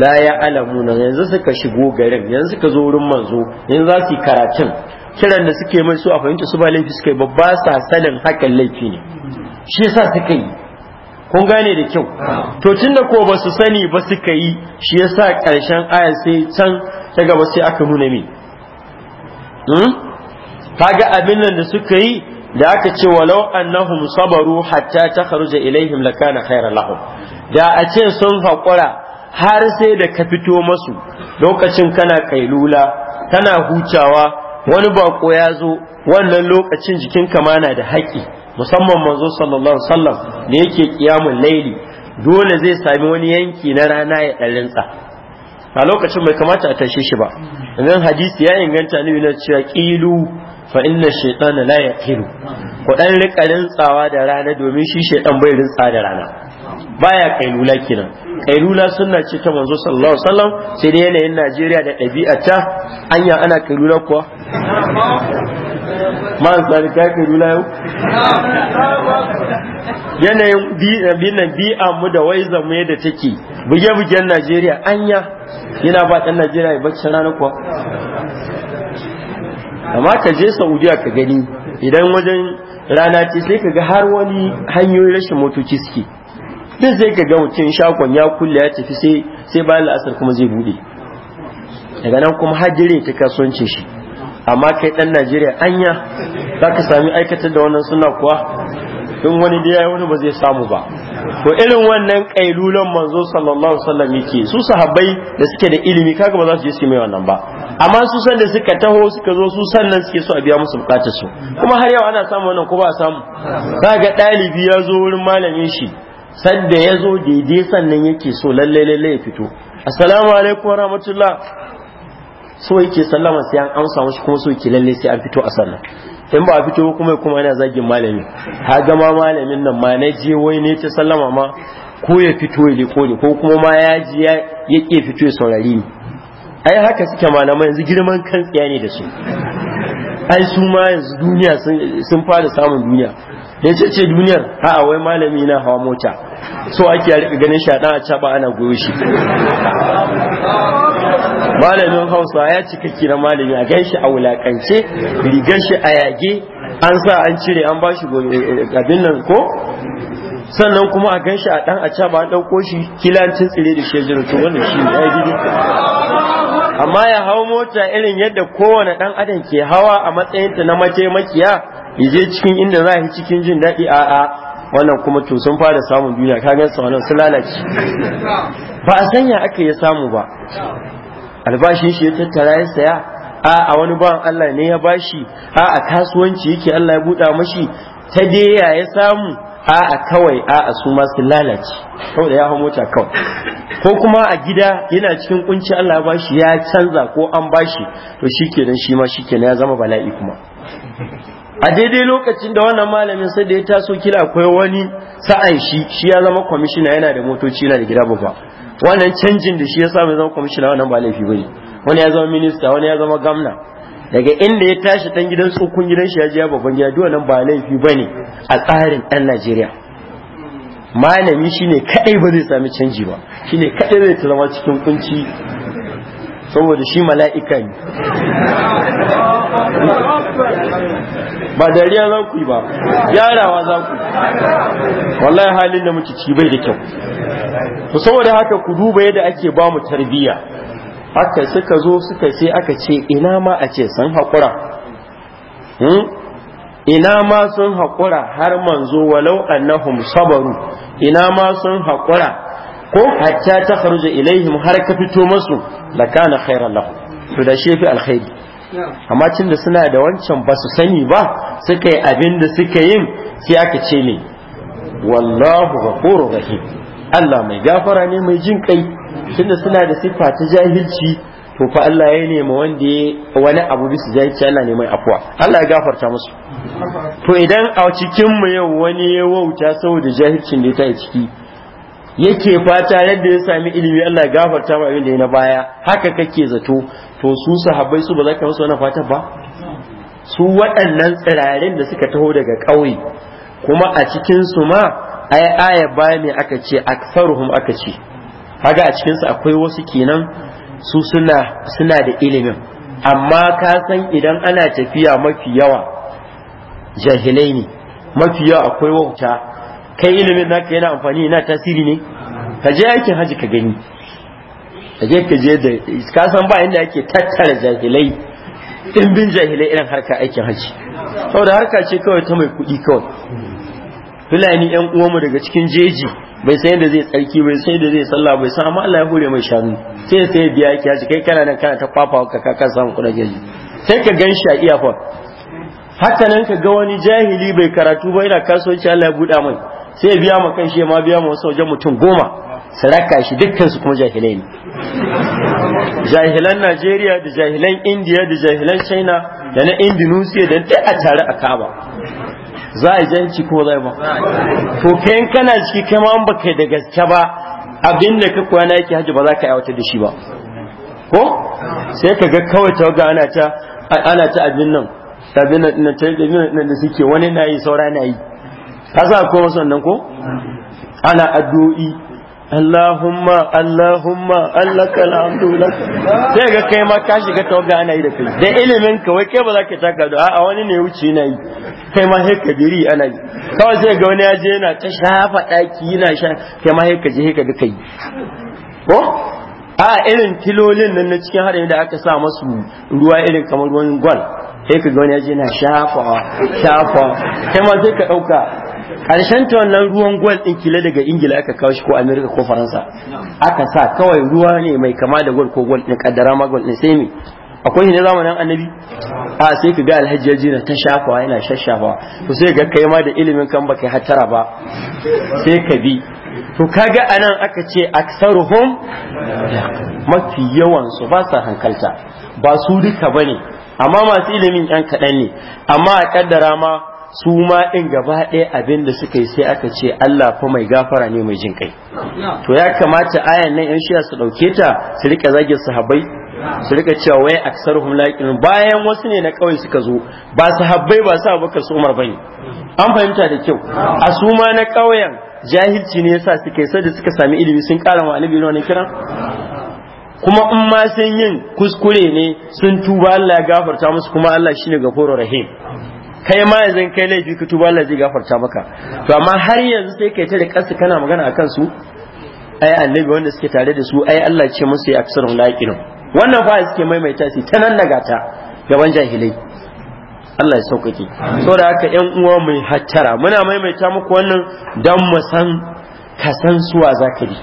la ya alamuna yanzu suka shigo garin yanzu suka zo wurin manzo yanzu za su yi karatun kiran da suke mai su a fahimta su ba laifi suka yi babba sa sanin hakan laifi ne shi yasa suka yi kun gane da kyau to tunda ko ba su sani ba suka yi shi yasa karshen aya sai can ta gaba sai aka nuna mai Hmm? kaga abin nan da suka yi da aka ce walau annahum sabaru hatta ta kharuja ilaihim lakana khairan lahum da a ce sun haƙura har sai da ka fito masu lokacin kana kailula kana hucawa wani bako ya zo wannan lokacin jikin kamana da haƙi musamman manzo sallallahu wasallam ne yake ƙiyamin laili dole zai sami wani yanki na rana ya ɗarinsa a lokacin bai kamata a tashe shi ba idan hadisi ya inganta ne na cewa kilu fa inna shaytana la yaqilu Ko dan rika rintsawa da rana domin shi shaytan bai rintsa da rana baya kailula kenan kailula sunna ce ta manzo sallallahu alaihi wasallam sai dai yanayin Najeriya da ɗabi'ata anya ana kailula kuwa ma'an tsari ka yi rula yau yanayin binan bi'a mu da waiza mu yadda take buge-bugen najeriya anya yana ba ɗan najeriya ya bacci rana kuwa amma ka je saudiya ka gani idan wajen rana ce sai ka ga har wani hanyoyin rashin motoci suke duk sai ka ga mutum shakon ya kulle ya tafi sai bayan la'asar kuma zai bude daga nan kuma hajjire ta kasuwancin shi amma kai dan najeriya anya za ka sami aikatar da wannan suna kuwa in wani da yayi wani ba zai samu ba Ko irin wannan kailulan manzo sallallahu alaihi yake su sahabbai da suke da ilimi kaga ba za su je su mai wannan ba amma su san da suka taho suka zo su nan suke so a biya musu bukatar su kuma har yau ana samu wannan ko ba a samu kaga dalibi ya zo wurin malamin shi sanda ya zo daidai sannan yake so lallai-lallai ya fito assalamu alaikum wa rahmatullah so yake sallama sai an amsa mashi kuma so yake lalle sai an fito a sallah in ba a fito kuma kuma yana zagin malami ha gama malamin nan ma na je wai ne ta sallama ma ko ya fito ya ko ne ko kuma ma ya ji ya yake fito ya saurari ni ai haka suke malamai yanzu girman kan tsiya ne da su ai su ma yanzu duniya sun fara samun duniya ya ce duniyar ha wai malami na hawa mota so ake ya rika ganin shaɗa a caɓa ana goyo shi malamin hausa ya cika kira malami a gan shi a wulakance rigar shi a yage an sa an cire an ba shi eh, abin nan ko sannan kuma a gan shi a ɗan a caɓa an ɗauko shi kilancin tsire da jiru to wannan shi ya yi amma ya hau mota irin yadda kowane ɗan adam ke hawa a matsayinta na mace makiya je cikin inda za a cikin jin daɗi a a wannan kuma to sun fara samun duniya ka gansa wannan sun lalace ba a sanya aka ya samu ba albashin shi ya tattara ya saya a a wani ban Allah ne ya bashi a a kasuwanci yake Allah ya buɗa mashi ta deya ya samu a a kawai a a su masu lalace saboda ya hau mota kawai ko kuma a gida yana cikin kunci Allah ya bashi ya canza ko an bashi to shikenan shi ma shikenan ya zama bala'i kuma a daidai lokacin da wannan malamin sai da ya taso kila akwai wani sa'an shi shi ya zama kwamishina yana da motoci yana da gida babba wannan canjin da shi ya samu zama kwamishina wannan ba laifi bane wani ya zama minista wani ya zama gamna daga inda ya tashi dan gidan tsokun gidan shi ya je babban gida duk wannan ba laifi bane a tsarin dan Najeriya malami shine kadai ba zai sami canji ba shine kadai zai zama cikin kunci saboda shi mala'ika ne ba dariya za ku yi ba gyarawa za ku wallahi halin da muke ci bai da kyau to saboda haka ku duba yadda ake ba mu tarbiyya haka suka zo suka sai aka ce ina ma a ce sun haƙura hmm? ina ma sun haƙura har manzo walau annahum sabaru ina ma sun haƙura ko hatta ta kharuja ilaihim har ka fito masu lakana khairan lahu to da shefi alkhairi amma cin da suna da wancan ba su sani ba suka yi abin da suka yin sai aka ce ne wallahu ghafurur rahim Allah mai gafara ne mai jin kai cin da suna da siffa ta jahilci to fa Allah ya nemi wanda wani abu bisa jahilci Allah ne mai afuwa Allah ya gafarta musu to idan a cikin mu yau wani ya wauta saboda jahilcin da ya ta ciki yake fata yadda ya sami ilimi Allah gafarta ma da ya na baya haka kake zato to su sahabbai su ba za ka musu wannan fata ba su waɗannan tsirarin da suka taho daga ƙauye kuma a cikin su ma ai aya baya ne aka ce aksaruhum aka ce haka a cikin su akwai wasu kenan su suna suna da ilimin amma ka san idan ana tafiya mafi yawa jahilai ne mafi yawa akwai wauta kai ilimin naka yana amfani yana tasiri ne ka je aikin haji ka gani ka je ka je da ka san ba inda ake tattara jahilai bin jahilai irin harka aikin haji saboda harka ce kawai ta mai kuɗi kawai fulani yan uwanmu daga cikin jeji bai san yadda zai tsarki bai san yadda zai sallah bai san amma Allah ya hore mai shanu sai sai biya ki haji kai kana nan kana ta kwafa ka ka samu kuɗin jeji sai ka gan shi a iyafon haka nan ka ga wani jahili bai karatu ba yana kasuwanci Allah ya buɗa mai sai biya ma kan shi ma biya ma wasu wajen mutum goma su raka shi dukkan su kuma jahilai ne jahilan Najeriya da jahilan Indiya da jahilan China da na Indonesia da duk a tare a Kaba za a janci ko zai ba to in kana ciki kai ma ba kai da gaske ba abin da ka kwana yake haji ba za ka aiwatar da shi ba ko sai ka ga kawai ta ga ana ta ana ta abin nan abin nan da suke wani na yi saura na yi ka sa ko wasu wannan ko ana addu'o'i Allahumma Allahumma allaka alhamdu lak sai ga kai ma ka shiga tawaga ana yi da kai da ilimin ka wai kai ba za ka taka da a wani ne wuce na yi kai ma heka diri ana yi kawai sai ga wani ya je yana ta shafa daki yana sha kai ma heka je heka da kai ko a irin tilolin nan na cikin harin da aka sa masu ruwa irin kamar ruwan gwal sai ka ga wani ya je yana shafa shafa kai ma sai ka dauka karshen ta wannan ruwan gwal din kila daga ingila aka kawo shi ko amerika ko faransa aka sa kawai ruwa ne mai kama da gwal ko gwal din kaddara ma gwal din sai me akwai ne zamanin annabi a sai ka ga alhajjaji na ta shafawa yana shashafawa to sai ga kai ma da ilimin kan baka hatara ba sai ka bi to kaga anan aka ce aksaruhum mafi yawan su ba sa hankalta ba su duka bane amma masu ilimin yan kaɗan ne amma a kaddara ma su ma ɗin gaba ɗaya abin da suka yi sai aka ce Allah fa mai gafara ne mai jin kai to ya kamata ayan nan yan shiya su ɗauke ta su rika zagin sahabbai su rika cewa wai aksaruhum laqin bayan wasu ne na kawai suka zo ba sahabbai ba sa baka su Umar bane an fahimta da kyau a su ma na ƙauyen jahilci ne yasa suke sai da suka sami ilimi sun ƙara wa annabi ne kiran kuma in ma sun yin kuskure ne sun tuba Allah ya gafarta musu kuma Allah shine gafurur rahim kai ma yanzu kai laifi ka tuba Allah zai gafarta maka to amma har yanzu sai kai ta da kansu kana magana akan su ai annabi wanda suke tare da su ai Allah ce musu ya aksarun laqinu wannan fa suke maimaita shi ta nan nagata gaban jahilai Allah ya sauƙaƙe saboda haka ƴan uwa mai hattara muna maimaita muku wannan dan mu san ka san suwa zaka bi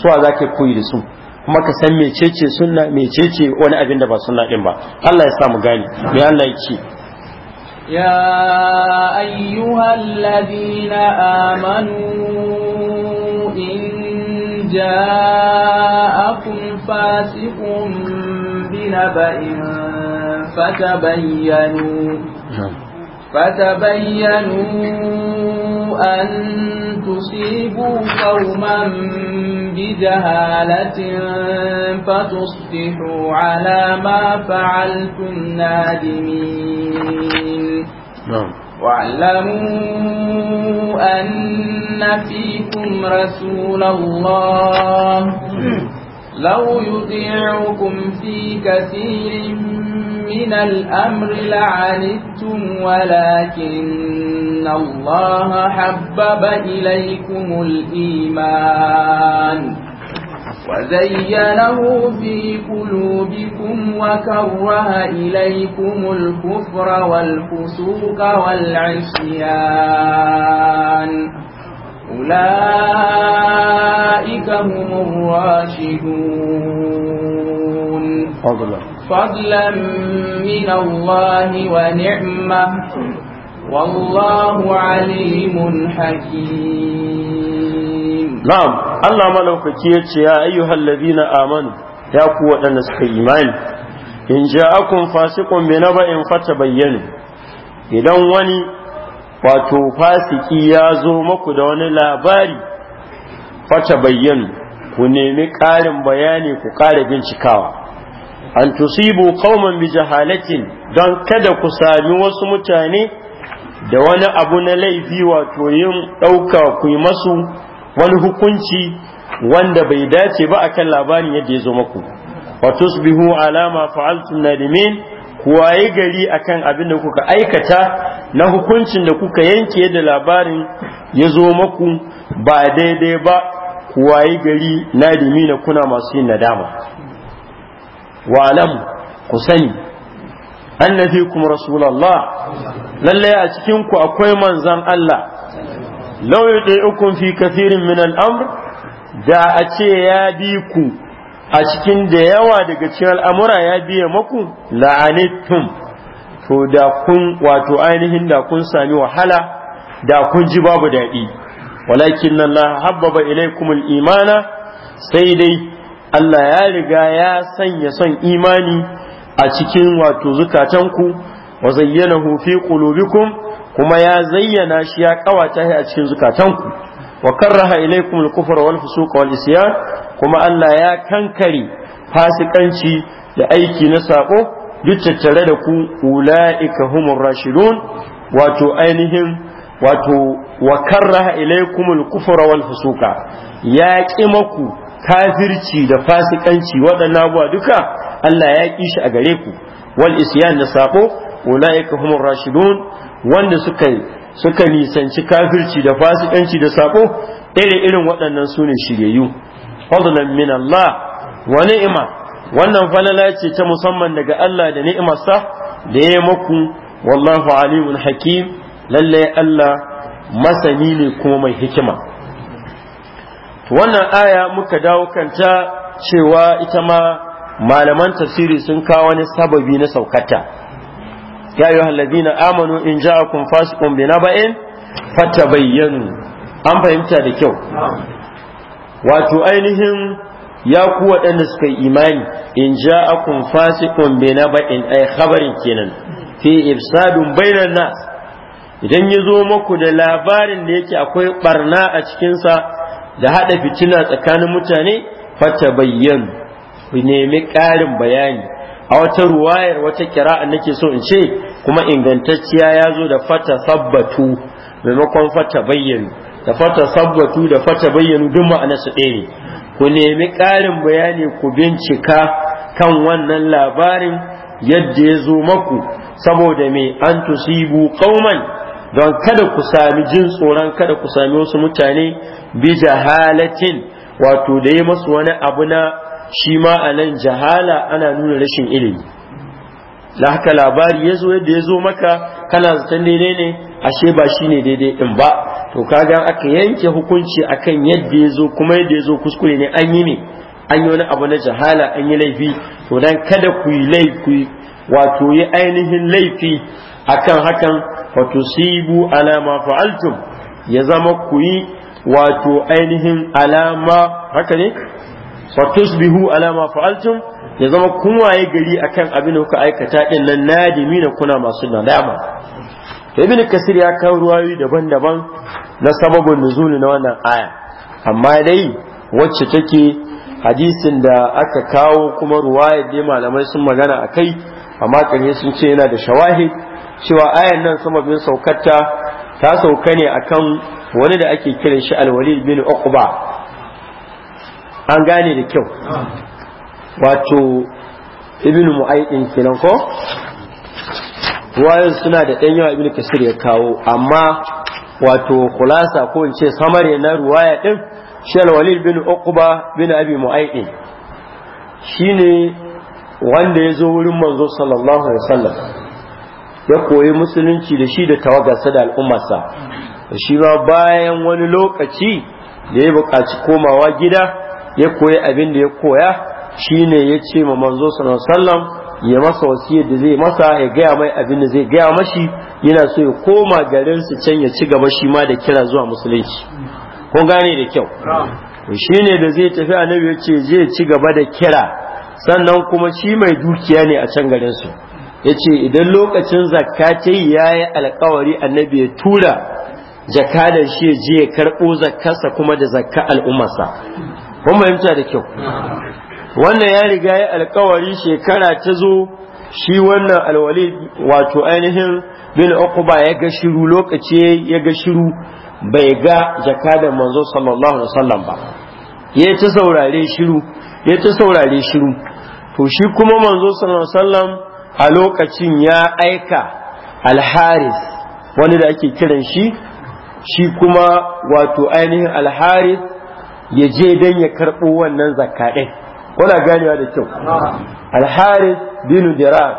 suwa zaka koyi da su kuma ka san mecece sunna mecece wani abin da ba sunna din ba Allah ya sa mu gane me Allah ya ce يا أيها الذين آمنوا إن جاءكم فاسق بنبأ فتبينوا فتبينوا أن تصيبوا قوما بجهالة فتصبحوا على ما فعلتم نادمين نعم واعلموا أن فيكم رسول الله نعم. لو يطيعكم في كثير من الأمر لعنتم ولكن الله حبب إليكم الإيمان وزينه في قلوبكم وكره إليكم الكفر والفسوق والعصيان أولئك هم الراشدون فضلا فضلا من الله ونعمة والله عليم حكيم نعم الله ملوكتي يا أيها الذين آمنوا يا قوة النسخ إيمان إن جاءكم فاسق بنبأ فتبينوا إذا وني wato fasiki ya zo maku da wani labari fata bayyan ku nemi ƙarin bayani ku ƙara bincikawa an tusibu qauman bi jahalatin don kada ku sami wasu mutane da wani abu na laifi wato yin ɗauka ku yi masu wani hukunci wanda bai dace ba akan labarin yadda ya zo maku wa tusbihu alama fa'altun nadimin waye gari akan abin da kuka aikata na hukuncin da kuka yanke da labarin ya zo maku ba daidai ba waye gari na na kuna masu yin nadama walam ku sani annabi kuma rasulallah lallai a cikin ku akwai manzan Allah lauyi ɗaya ukun fi kafirin min al'amr da a ce ya bi ku a cikin da yawa daga cikin al'amura ya biya maku la'anittum to da kun wato ainihin da kun sami wahala da kun ji babu daɗi walakin nan na habbaba ilaikumul imana sai dai Allah ya riga ya sanya son imani a cikin wato zukatanku wa zayyana fi qulubikum kuma ya zayyana shi ya kawata shi a cikin zukatanku wa karraha ilaikumul kufra wal fusuqa wal isyan kuma Allah ya kankare fasikanci da aiki na sako duk tattare da ku ula'ika humur rashidun wato ainihin wato wa karraha ilaikumul kufra wal fusuka ya ƙi maku kafirci da fasikanci waɗannan abuwa duka Allah ya ƙi shi a gare ku wal isyan da sako ula'ika humur rashidun wanda suka suka nisanci kafirci da fasikanci da sako ire irin waɗannan su ne shiryayyu fadlan min Allah wa ni'ma wannan falala ce ta musamman daga Allah da ni'imarsa da ya maku wallahu alimul hakim lalle Allah masani ne kuma mai hikima wannan aya muka dawo kanta cewa ita ma malaman tafsiri sun kawo wani sababi na saukata ya yi halladina amanu in ja'akum fasiqun bi naba'in fatabayyanu an fahimta da kyau wato ainihin ya ku waɗanda suka yi imani in ja'akum fasiqun bi naba'in ay khabarin kenan fi ifsadun bainan nas idan ya zo muku da labarin da yake akwai barna a cikinsa da haɗa fitina tsakanin mutane fata bayyan ku nemi ƙarin bayani a wata ruwayar wata kira'a nake so in ce kuma ingantacciya ya zo da fata sabbatu maimakon fata bayyanu da fata sabbatu da fata bayyanu duk ma'anar su ɗaya ne ku nemi ƙarin bayani ku bincika kan wannan labarin yadda ya zo maku saboda mai an tusibu qauman don kada ku sami jin tsoron kada ku sami wasu mutane bi jahalatin wato da yi masu wani abu na shi ma a nan jahala ana nuna rashin ilimi da haka labari ya zo yadda ya zo maka kana zaton daidai ne ashe ba shi ne daidai din ba to kaga aka yanke hukunci akan yadda ya zo kuma yadda ya zo kuskure ne an yi ne an yi wani abu na jahala an yi laifi to dan kada ku yi laifi wato yi ainihin laifi akan hakan wato sibu alama fa'altum ya zama ku yi wato ainihin alama haka ne fatusbihu ala ma fa'altum ya zama kun waye gari akan abin da kuka aikata din nan nadimi na kuna masu nadama ibn kasir ya kawo ruwayoyi daban-daban na sababin nuzuli na wannan aya amma dai wacce take hadisin da aka kawo kuma ruwaya dai malamai sun magana a kai amma kare sun ce yana da shawahid cewa ayan nan sababin saukarta ta sauka ne akan wani da ake kiran shi alwalid bin uqba an gane da kyau wato ibn mu'aidin kenan ko wayan suna da ɗan yawa ibn kasir ya kawo amma wato kulasa ko in ce samare na ruwaya din shi walid bin uqba bin abi mu'aidin shine wanda ya zo wurin manzo sallallahu alaihi wasallam ya koyi musulunci da shi da tawagarsa da al'ummarsa shi ba bayan wani lokaci da ya buƙaci komawa gida ya koya abin da ya koya shine ya ce ma manzo sallallahu sallam ya masa wasiyar da zai masa ya gaya mai abin da zai gaya mashi yana so ya koma garin su can ya ci gaba shi ma da kira zuwa musulunci Ko gane da kyau shine da zai tafi annabi ya ce zai ci gaba da kira sannan kuma shi mai dukiya ne a can garin su ya ce idan lokacin zakatai ya yi alkawari annabi ya tura da shi ya je ya karɓo zakkarsa kuma da zakka al'ummarsa kun fahimta da kyau wannan ya riga ya alkawari shekara ta zo shi wannan alwali wato ainihin bin uquba ya ga shiru lokaci ya ga shiru bai ga jaka da manzo sallallahu alaihi wasallam ba ya ta saurare shiru ya ta saurare shiru to shi kuma manzo sallallahu alaihi wasallam a lokacin ya aika alharis wani da ake kiran shi shi kuma wato ainihin alharis ya je dan ya karɓo wannan zakka kuna ganewa da kyau alharis bin dirar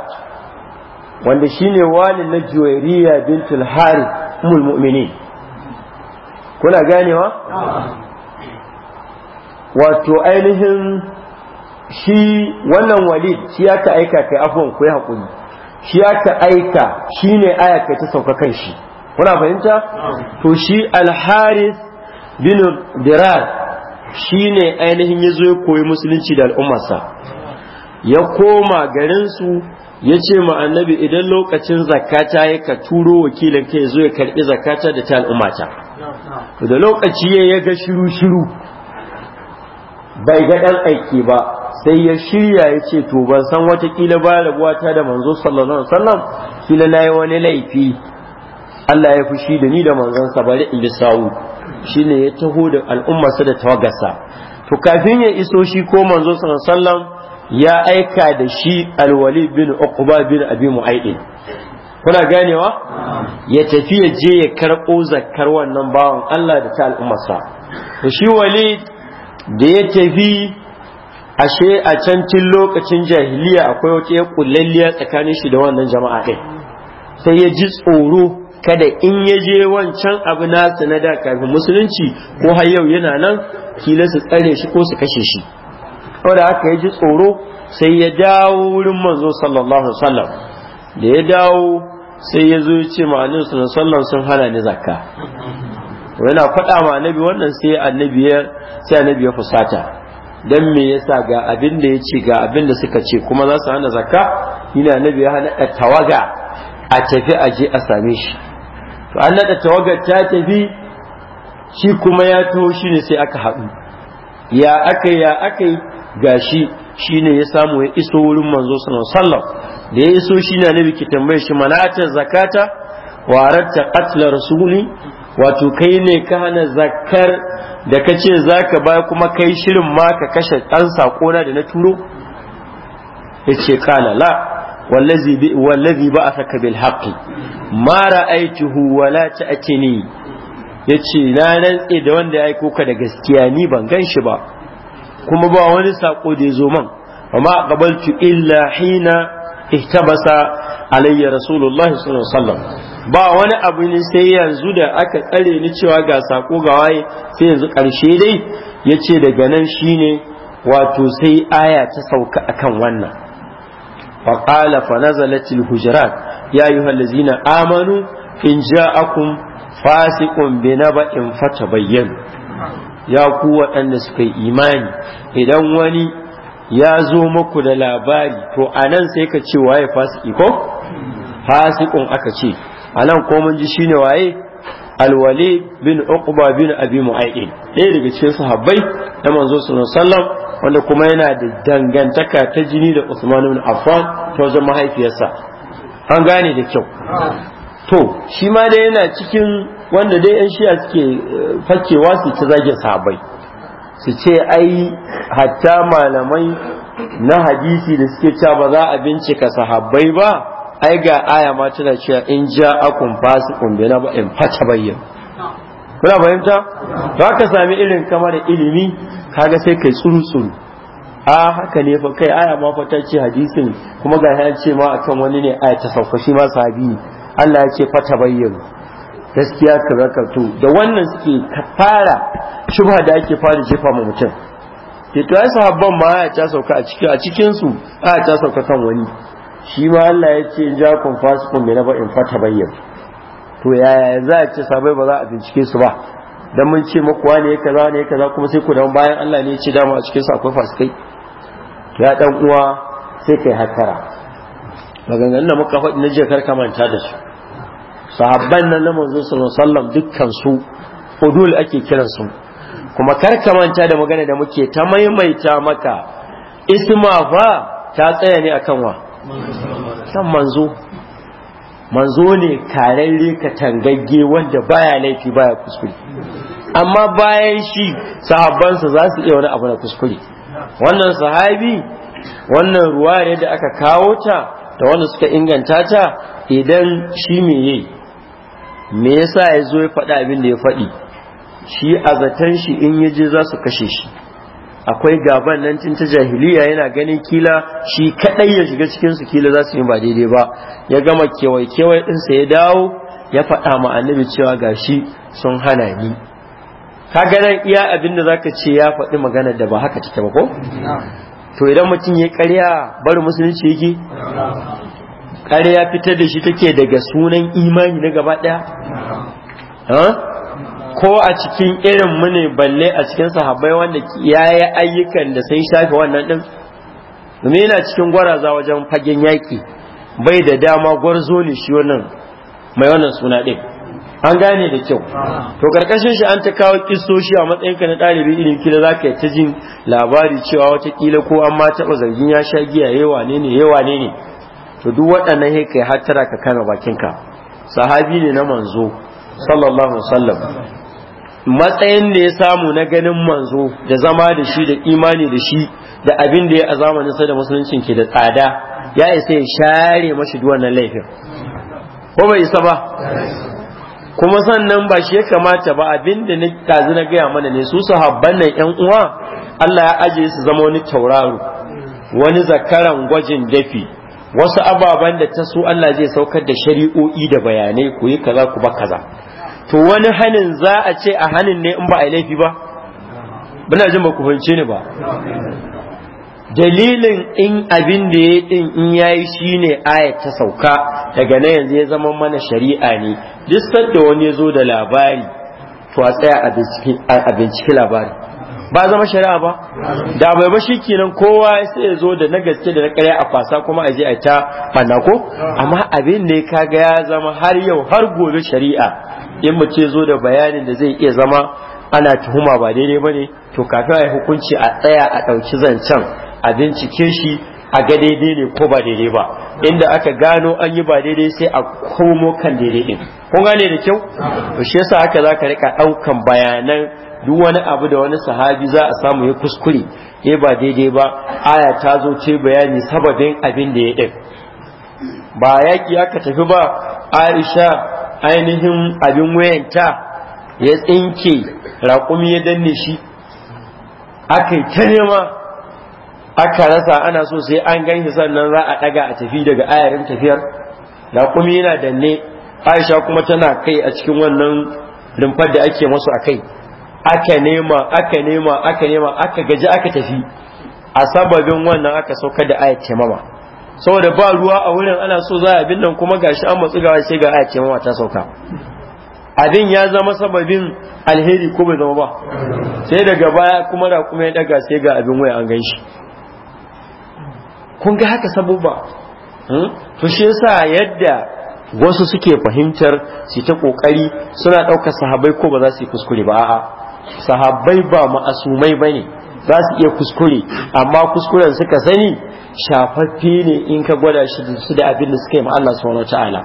wanda shine wani na juwairiya bintul haris umul mu'minin kuna ganewa wato ainihin shi wannan walid shi ta aika kai afon ku hakuri shi ta aika shine aya ta sauka kan shi kuna fahimta to shi alharis bin dirar Shi ne ainihin ya zo ya koyi musulunci da al'ummarsa ya koma garinsu ya ce ma annabi idan lokacin zakata ya ka turo wakilin ka ya zo ya karɓi zakata da ta al'ummata da lokaci ya ga shiru-shiru bai ga ɗan aiki ba sai ya shirya ya ce to ban san watakila ba da buwata da manzo sallallahu alaihi wasallam kila na yi wani laifi Allah ya fushi da ni da manzansa bari in bi sawu ne ya taho da al'ummarsa da tawagarsa to kafin ya iso shi ko manzo sallallahu ya aika da shi alwali bin uqba bin abi mu'aidin kuna ganewa ya tafi ya je ya karɓo zakkar wannan bawan Allah da ta al'ummarsa to shi wali da ya tafi ashe a can tun lokacin jahiliya akwai wata ya kullalliya tsakanin shi da wannan jama'a ɗin sai ya ji tsoro kada in ya je wancan abu nasu na da kafin musulunci ko har yau yana nan kila su tsare shi ko su kashe shi da aka yi ji tsoro sai ya dawo wurin manzo sallallahu alaihi da ya dawo sai ya zo ce ma annabi sallallahu sallam sun hana ni zakka yana faɗa ma annabi wannan sai annabi ya sai annabi ya fusata dan me yasa ga abin da ya ce ga abin da suka ce kuma za su hana zakka ina annabi ya hana tawaga a tafi a je a same shi to an naɗa tawagar ta tafi shi kuma ya taho shi ne sai aka haɗu ya aka ya aka gashi shi ne ya samu ya iso wurin manzo sallallahu da ya iso shi na nabi ki tambaye shi manatar zakata waratta qatla rasuli wato kai ne ka hana zakar da ka ce za ka kuma kai shirin ma ka kashe ɗan saƙona da na turo ya ce la wallazi wallazi ba'athaka bil haqqi ma ra'aytuhu wala yace na rantse da wanda ya aiko ka da gaskiya ni ban gan shi ba kuma ba wani sako da ya zo man amma qabaltu illa hina ihtabasa alayya rasulullahi sallallahu alaihi wasallam ba wani abu ne sai yanzu da aka tsare ni cewa ga sako ga waye sai yanzu karshe dai yace daga nan shine wato sai aya ta sauka akan wannan fa qala fa nazalat al hujurat ya ayyuhallazina amanu in ja'akum fasiqun binaba'in fatabayyanu ya ku waɗanda suka yi imani idan wani ya zo muku da labari to anan sai ka ce waye fasiki ko fasiqun aka ce anan ko mun ji shine waye alwali bin uqba bin abi mu'ayyid ɗaya daga cikin sahabbai na manzo sallallahu wanda kuma yana da dangantaka ta jini da Usman bin Affan ta wajen mahaifiyarsa an gane da kyau to shi ma dai yana cikin wanda dai yan shi'a suke eh, fakewa su ta zage sahabbai su ce ai hatta malamai na hadisi da suke cewa ba za a bincika sahabbai ba ai ga aya ma tana cewa in ja'akum ba in fata bayyana, kuna fahimta ba ka sami irin kamar ilimi kaga sai kai tsurutsuru a haka ne fa kai aya ma fata ce hadisin kuma ga ya ce ma akan wani ne aya ta sauka shi ma sahabi Allah ya ce bayyan gaskiya ka rakatu da wannan suke fara shubha da ake fara jefa ma mutum ke eh, to ai sahabban ma aya ta sauka a cikin a cikin su aya ta sauka kan wani shi ma Allah ya ce ja kun fasikun bi in fata bayyan to yaya za a ce sabai ba za a bincike su ba dan mun ce muku wane ya kaza ne ya kaza kuma sai ku dan bayan Allah ne ya ce dama a cikin su akwai fasikai ya dan uwa sai kai hakara maganganun da muka faɗi na jikar kamanta da su sahabban nan na manzo sallallahu alaihi wasallam dukkan su udul ake kiransu kuma kar ka manta da magana da muke ta maimaita maka isma fa ta tsaya ne akan wa san manzo manzo ne kararre ka tangagge wanda baya laifi baya kuskure amma bayan shi sahabbansa za su iya wani abu na kuskure wannan sahabi wannan ruwa ne da aka kawo ta da wanda suka inganta ta idan shi me yayi me yasa ya zo ya faɗa abin da ya faɗi shi a zaton shi in ya je za su kashe shi akwai gaban nan cinta ta jahiliya yana ganin kila shi kadai ya shiga cikin su kila za su yi ba daidai ba ya gama kewaye kewaye din sa ya dawo ya faɗa ma annabi cewa gashi sun hana ni ga nan iya abin da zaka ce ya faɗi magana da ba haka take ba ko to idan mutum ya ƙarya bari musulunci yake ƙarya fitar da shi take daga sunan imani na gaba ɗaya ko a cikin irin mune ne balle a cikin sahabbai wanda ya yi ayyukan da sai shafe wannan din domin yana cikin gwaraza wajen fagen yaƙi bai da dama gwarzo ne shi wannan mai wannan suna ɗin an gane da kyau to karkashin shi an ta kawo kistoshi a matsayinka na ɗalibi irin kila za ka yi ta jin labari cewa wataƙila ko an ma taɓa zargin ya sha giya yawa wane ne wane ne to duk waɗannan hekai har hattara ka kama bakinka sahabi ne na manzo sallallahu alaihi wasallam matsayin da ya samu na ganin manzo da zama da shi da imani da shi da abin da ya a zamanin sai da musuluncin ke da tsada ya isa ya share mashi duwan na laifin ko bai isa ba kuma sannan ba shi ya kamata ba abin da na tazi na gaya mana ne su sahabban nan yan uwa Allah ya ajiye su zama wani tauraro wani zakaran gwajin dafi wasu ababen da ta so Allah zai saukar da shari'o'i da bayanai ku yi kaza ku ba kaza to wani hanin za a ce a hanin ne in ba a yi laifi ba bana jin ba ku fahimce ni ba dalilin in abin da ya din in yayi shine aya ta sauka daga nan yanzu ya zama mana shari'a ne duk da wani ya zo da labari to a tsaya a binciki labari ba zama shari'a ba da bai ba kenan kowa sai ya zo da na gaske da na karya a kwasa kuma a je a ta fanna ko amma abin da ya kaga ya zama har yau har gobe shari'a in mu ce zo da bayanin da zai iya zama ana tuhuma ba daidai ba ne to kafin a yi hukunci a tsaya a ɗauki zancen a bincike shi a ga daidai ne ko ba daidai ba inda aka gano an yi ba daidai sai a komo kan daidai din kun gane da kyau to shi yasa haka zaka rika ɗaukan bayanan duk wani abu da wani sahabi za a samu ya kuskure ya ba daidai ba aya ta zo ce bayani sababin abin da ya ɗin ba yaƙi aka tafi ba aisha ainihin abin wayanta ya tsinke raƙumi ya danne shi aka yi ta nema aka rasa ana so sai an ganshi sannan za a ɗaga a tafi daga ayarin tafiyar raƙumi yana danne aisha kuma tana kai a cikin wannan rumfar da ake masu a kai aka nema aka nema aka nema aka gaji aka tafi a sababin wannan aka saukar da ayat taimama saboda ba ruwa a wurin ana so za a bin nan kuma gashi an matsu ga sai ga ake mawa ta sauka abin ya zama sababin alheri ko bai zama ba sai daga baya kuma da kuma ya daga sai ga abin waya an gan shi kun ga haka sabuba hmm? to shi yasa yadda wasu suke fahimtar su ta kokari suna ɗaukar sahabbai ko ba za su yi kuskure ba a'a sahabbai ba ma'asumai bane za su iya kuskure amma kuskuren suka sani shafaffe ne in ka gwada shi da abin da suka yi ma Allah subhanahu wataala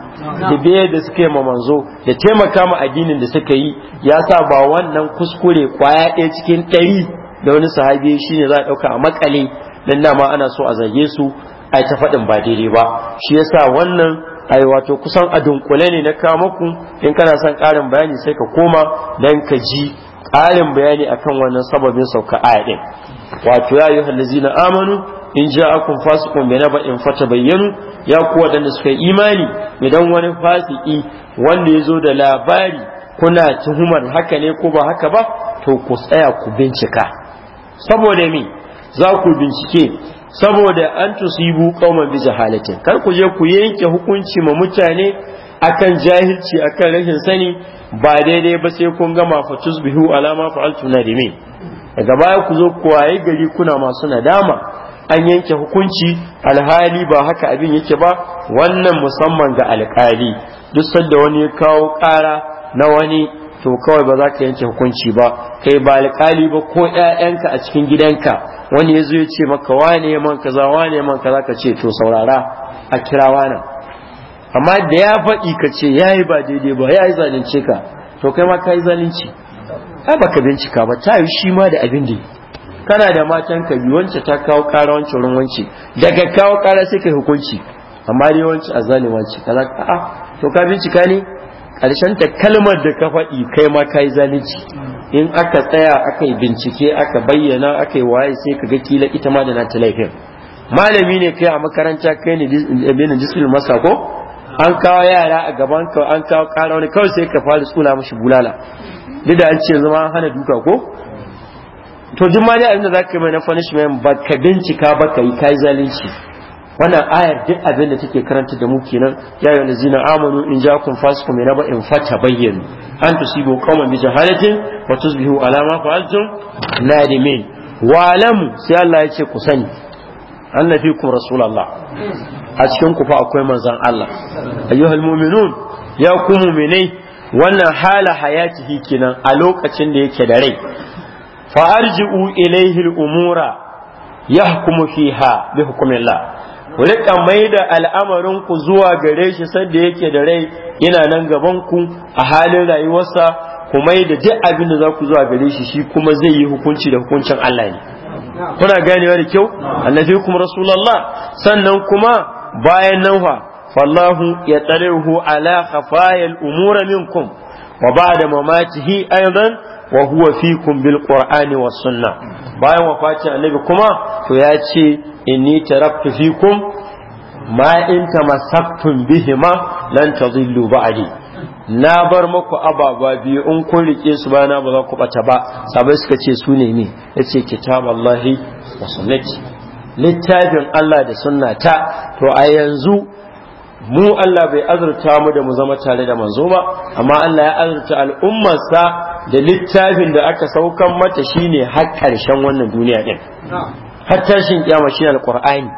da biyar da suka yi ma manzo da taimaka ma addinin da suka yi ya sa ba wannan kuskure kwaya ɗaya cikin ɗari da wani sahabi shi ne za a ɗauka a makale don dama ana so a zage su a ta faɗin ba daidai ba shi yasa wannan ai wato kusan a dunkule ne na kawo maku in kana son ƙarin bayani sai ka koma dan ka ji ƙarin bayani kan wannan sababin sauka aya ɗin wato ya halazi na amanu in bai naba in fata bayyanu ya ku waɗanda suka yi imani idan wani fasiki wanda ya zo da labari kuna tuhumar haka ne ko ba haka ba to ku tsaya ku bincika saboda me za ku bincike saboda an tusibu qauman bi jahalatin kar ku je ku yanke hukunci ma mutane akan jahilci akan rashin sani ba daidai ba sai kun gama fa tusbihu ala ma fa'altu nadimi daga baya ku zo ku waye gari kuna masu nadama an yanke hukunci alhali ba haka abin yake ba wannan musamman ga alkali duk sanda wani ya kawo ƙara na wani to kawai ba za ka yanke hukunci ba kai ba alkali ba ko ƴaƴanka a cikin gidanka wani ya zo ya ce maka wane man kaza wane man kaza ka ce to saurara a kira nan. amma da ya faɗi ka ce ya yi ba daidai ba ya yi zalunce ka to kai ma ka yi zalunci ai ka bincika ba ta yi shi ma da abin da kana da matan ka biyu wance ta kawo ƙara wancan wurin wance daga kawo ƙara sai kai hukunci amma dai wance a za ka a'a to ka bincika ne ƙarshen ta kalmar da ka faɗi kai ma ka yi zalunci in aka tsaya aka yi bincike aka bayyana aka yi waye sai ka ga kila ita ma da na laifin malami ne kai a makaranta kai ne bin disul masa ko an kawo yara a gaban ka an kawo ƙara wani kawai sai ka fara tsula mashi bulala duk da an ce zama an hana duka ko to duk ma dai abinda za ka yi mai na punishment ba ka bincika ba ka yi kai zalunci wannan ayar duk abin da take karanta da mu kenan ya yi wani zina amanu in ja kun fasu kuma ba in fata bayyana an tusibu qauman bi jahalatin wa tusbihu ala fa'altum sai Allah ya ce ku sani annabikum rasulullah a cikin ku fa akwai manzon Allah ayyuhal mu'minun ya ku mu'minai wannan hala hayatihi kenan a lokacin da yake da rai fa arji'u ilayhi al-umura yahkumu fiha bi hukmillah ku rika mai da al'amarin ku zuwa gare shi sanda yake da rai ina nan gaban ku a halin rayuwarsa ku mai da duk abin da za ku zuwa gare shi shi kuma zai yi hukunci da hukuncin Allah ne kuna ganewa da kyau allazi kuma rasulullah sannan kuma bayan nan fa fallahu ya tsarehu ala khafayal umura minkum wa ba'da mamatihi aidan wa huwa fikum bil qur'ani was sunna bayan wafatin annabi kuma to ya ce inni taraktu fikum ma in tamassaktum bihima lan tadillu ba'di na bar muku ababa biyu in kun rike su bana ba za ku bata ba sabai suka ce su ne ne yace kitab Allah wa sunnati littafin Allah da sunnata to a yanzu mu Allah bai azurta mu da mu zama tare da manzo ba amma Allah ya azurta al'ummarsa da littafin da aka saukan mata shine har karshen wannan duniya din har tashin kiyama shine alqur'ani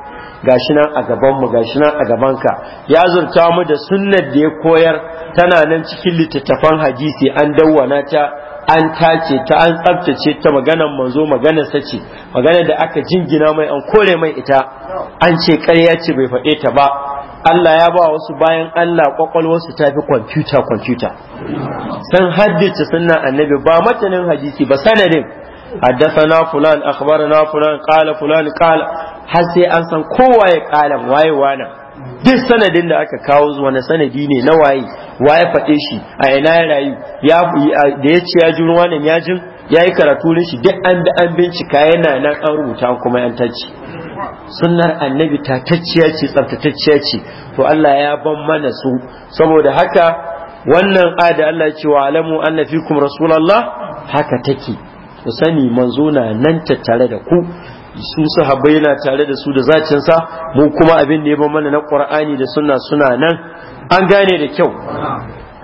gashi nan a gaban mu gashi nan a gabanka ya azurta mu da sunnar da ya koyar tana nan cikin littattafan hadisi an dawwana ta an tace ta an tsabtace ta maganan manzo maganar sa ce maganar da aka jingina mai an kore mai ita an ce ƙarya ce bai faɗe ta ba Allah ya ba wasu bayan Allah kwakwalwarsu ta fi kwamfuta kwamfuta san haddace sunnan annabi ba matanin hadisi ba sanadin fulan qala fulan qala Har sai an san kowa ya قال waye وانا duk sanadin da aka kawo wani sanadi ne na waye waye faɗe shi a ina ya rayu ya da ya ce ya ji ruwa ne ya ji. ya yi karatu ne shi duk an da an bincika yana nan an rubuta kuma an tacci sunnar annabi ta tacciya ce tsaftatacciya ce to Allah ya ban mana su saboda haka wannan ada Allah ce wa alamu anna fikum rasulullah haka take ku sani manzo na nan tattare da ku su sahabbai yana tare da su da zacinsa mu kuma abin da ya ba mana na qur'ani da sunna suna nan an gane da kyau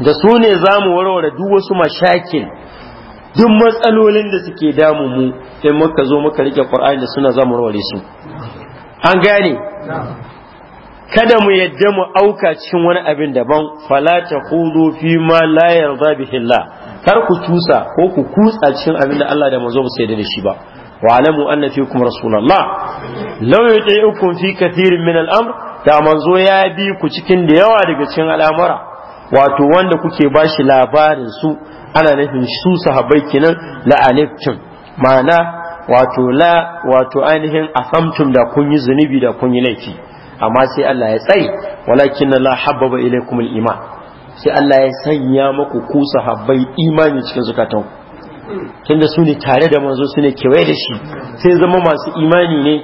da su ne za mu warware duk wasu mashakin duk matsalolin da suke damu mu in muka zo muka rike qur'ani da suna za mu warware su an gane kada mu yadda mu auka cikin wani abin daban fala ta khudu fi ma la yarda bihi kar ku tusa ko ku kutsa cikin abin da Allah da manzo ba sai da shi ba wa'alamu anna fikum rasulullah law yuti'ukum fi kathirin min al-amr da manzo ya bi ku cikin da yawa daga cikin al'amura wato wanda kuke bashi labarin su ana nufin su sahabbai kenan la ma'ana wato la wato ainihin asamtum da kun yi zunubi da kun yi laifi amma sai Allah ya tsaye walakin la habbaba ilaykum al-iman sai Allah ya sanya maku ku sahabbai imani cikin zukatanku tunda su ne tare da manzo su ne kewaye da shi sai zama masu imani ne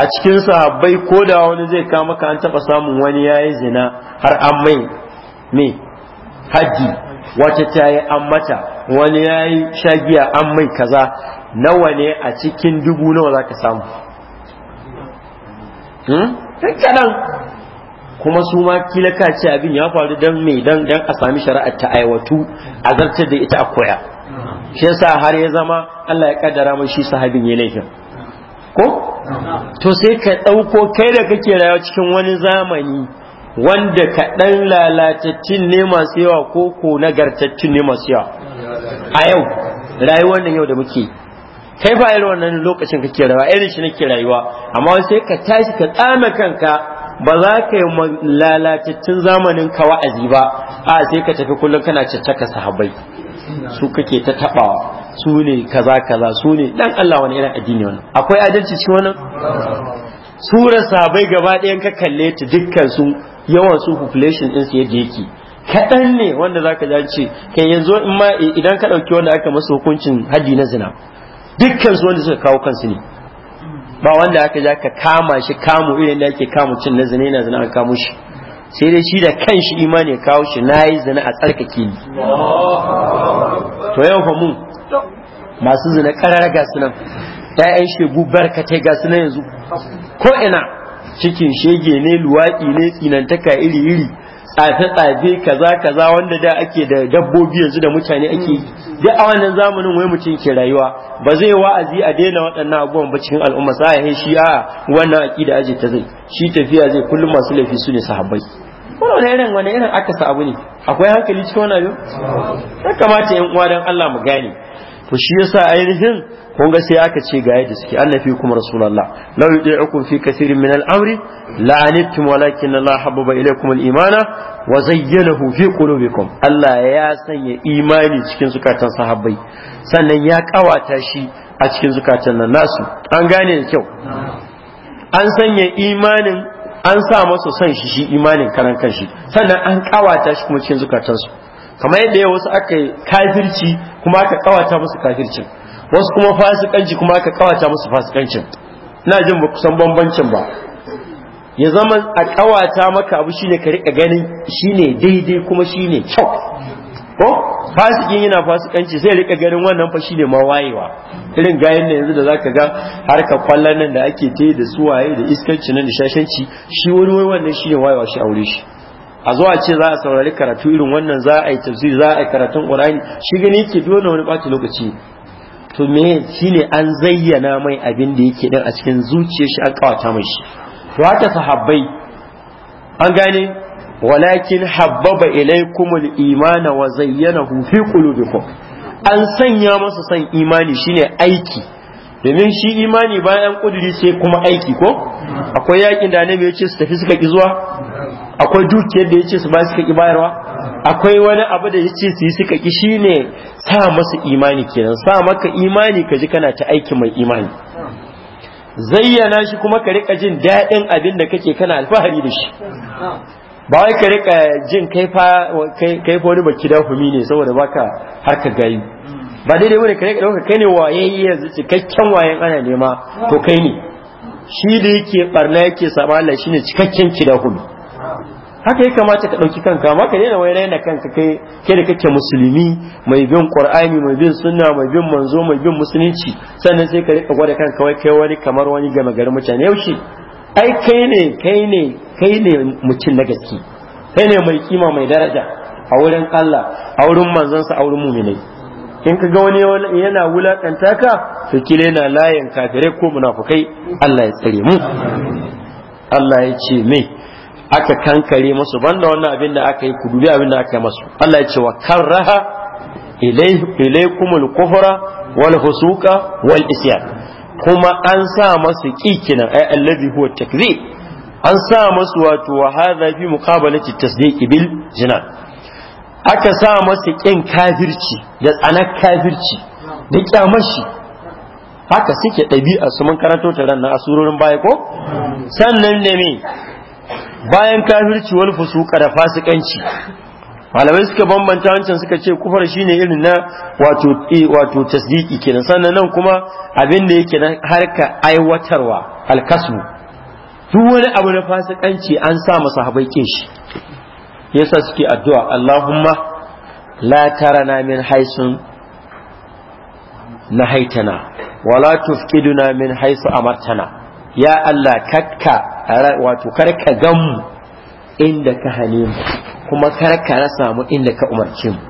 a cikin sahabbai ko da wani zai kama ka an taɓa samun wani ya yi zina har an mai me haddi wata ta yi an mata wani ya yi shagiya an mai kaza nawa ne a cikin dubu nawa za ka samu hmm? kaɗan kuma su ma kila ka abin ya faru dan me don a sami shari'ar ta aiwatu a zartar da ita a koya shi yasa har ya zama Allah ya kaddara mai shi sahabin ya laifin ko to sai ka ɗauko kai da kake rayuwa cikin wani zamani wanda kaɗan lalatattun ne masu yawa ko ko nagartattun ne masu yawa a yau rayuwar nan yau da muke kai ba irin wannan lokacin kake rayuwa irin shi nake rayuwa amma sai ka tashi ka tsame kanka ba za ka yi lalatattun zamanin ka wa'azi ba a sai ka tafi kullum kana caccaka sahabbai su kake ta tabawa su ne kaza kaza su ne dan Allah wani irin addini wannan akwai adalci cikin wannan sura sabai gaba ɗayan ka kalle ta dukkan su yawan su population din su yadda yake kaɗan ne wanda zaka ka ce kai yanzu in ma idan ka ɗauki wanda aka masa hukuncin haddi na zina dukkan su wanda suka kawo kansu ne ba wanda aka ja ka kama shi kamu irin da ake kamu cin na zina yana zina ka kamo shi sai dai shi da kanshi imani ya kawo shi na yi zina a tsarkake ni to yau fa mun masu zina karar ga sunan ƴaƴan shegu ta gasu nan yanzu ko ina cikin shege ne luwaƙi ne tsinantaka iri iri tsafe-tsafe kaza kaza wanda da ake da dabbobi yanzu da mutane ake yi a wannan zamanin wai mutum ke rayuwa ba zai wa'azi a daina waɗannan abubuwan ba cikin al'umma sai ya shi a wannan aƙida aji ta zai shi tafiya zai kullum masu laifi su ne sahabbai wannan irin wani irin akasa abu ne akwai hankali cikin wannan abu? ya kamata yan uwa dan Allah mu gane to shi yasa ainihin kun ga sai aka ce ga yadda suke Allah fi kuma rasulullah law yuti'ukum fi kathirin min al-amri la anittum walakin Allah habbaba ilaykum al-imana wa zayyanahu fi qulubikum Allah ya sanya imani cikin zukatan sahabbai sannan ya kawata shi a cikin zukatan nan nasu an gane da kyau an sanya imanin an sa masa son shi shi imanin karan kanshi sannan an kawata shi kuma cikin zukatansu kamar yadda ya wasu aka kafirci kuma aka kawata musu kafircin wasu kuma fasikanci kuma aka kawata musu fasikancin na jin ba kusan bambancin ba ya zama a kawata maka abu shine ka rika ganin shine daidai kuma shine kyau ko fasikin yana fasikanci sai rika ganin wannan fa shine ma wayewa irin gayen da yanzu da zaka ga harka kwallon nan da ake ta da suwaye da iskanci nan da shashanci shi wani wai wannan shine wayewa shi aure shi a zuwa ce za a saurari karatu irin wannan za a yi tafsiri za a yi karatun qur'ani shi gani ke dole wani ɓata lokaci to me shine an zayyana mai abin da yake din a cikin zuciyar shi an kawata mai shi to haka sahabbai an gane walakin habbaba ilaykumul imana wa zayyanahu fi qulubikum an sanya masa san imani shine aiki domin shi imani bayan kuduri sai kuma aiki ko akwai yakin da annabi ya ce su tafi suka ki zuwa akwai dukiyar da ya ce su ba suka bayarwa akwai wani abu da ya ce su yi suka ki shi sa masu imani kenan sa maka imani ka ji kana ta aiki mai imani zayyana shi kuma ka rika jin daɗin abin da kake kana alfahari da shi ba wai ka rika jin kai fa wani baki da humi ne saboda baka harka gayi ba daidai wani ka rika ɗauka kai ne wayayye yanzu cikakken waye ana nema to kai ne shi da yake barna yake sama Allah shine cikakken kidahumi haka ya kamata ka ɗauki kanka amma ka daina wai raina kanka kai kai da kake musulmi mai bin qur'ani mai bin sunna mai bin manzo mai bin musulunci sannan sai ka rika gwada kanka wai kai wani kamar wani gama gari mutane yaushe ai kai ne kai ne kai ne mutum na gaske kai ne mai kima mai daraja a wurin Allah a wurin manzansa a wurin muminai in ka ga wani yana wulakanta ka to kile layin kafirai ko munafukai Allah ya tsare mu Allah ya ce me aka kankare masu banda wannan abin da aka yi ku dubi abin da aka yi masu Allah ya ce wa karraha ilaykumul kufra wal husuka wal isyan kuma an sa masu kikinan ay allazi huwa takzi an sa masu wato wa hadha fi muqabalati tasdiq bil jinan aka sa masu kin kafirci da tsanar kafirci da kyamashi haka suke ɗabi'a su mun karanto ta ran na asurorin baya ko sannan ne me bayan kafirci wal fusuka da fasikanci malamai suka bambanta wancan suka ce kufar shine irin na wato wato tasdiki kenan sannan nan kuma abinda da yake na harka aiwatarwa alkasmu duk wani abu na fasikanci an sa masa habai shi yasa suke addu'a Allahumma la tarana min haisun na haitana wala tufkiduna min haisu amartana ya Allah katka wato karka gam inda ka hane mu kuma karka rasa mu inda ka umarce mu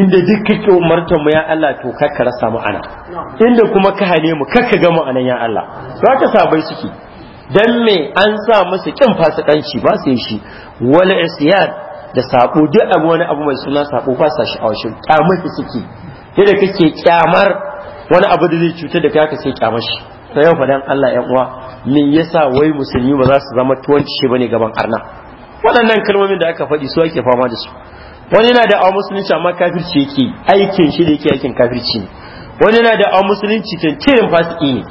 inda duk kake umartar mu ya Allah to karka rasa mu ana inda kuma ka hane mu karka ga mu anan ya Allah za ka sabai suke dan me an sa musu kin fasikanci ba su yi shi wala isyan da sabo duk a wani abu mai suna sabo ba sa shi a washin kyamar suke yadda kake kyamar wani abu da zai cutar da kake ka sai kyamar shi ta yau fadan Allah 'yan uwa me sa wai musulmi ba za su zama tuwanci shi ne gaban arna waɗannan kalmomin da aka faɗi su ake fama da su wani yana da awon musulunci amma kafirci yake aikin shi da yake aikin kafirci ne wani yana da awon musulunci tantirin fasiki ne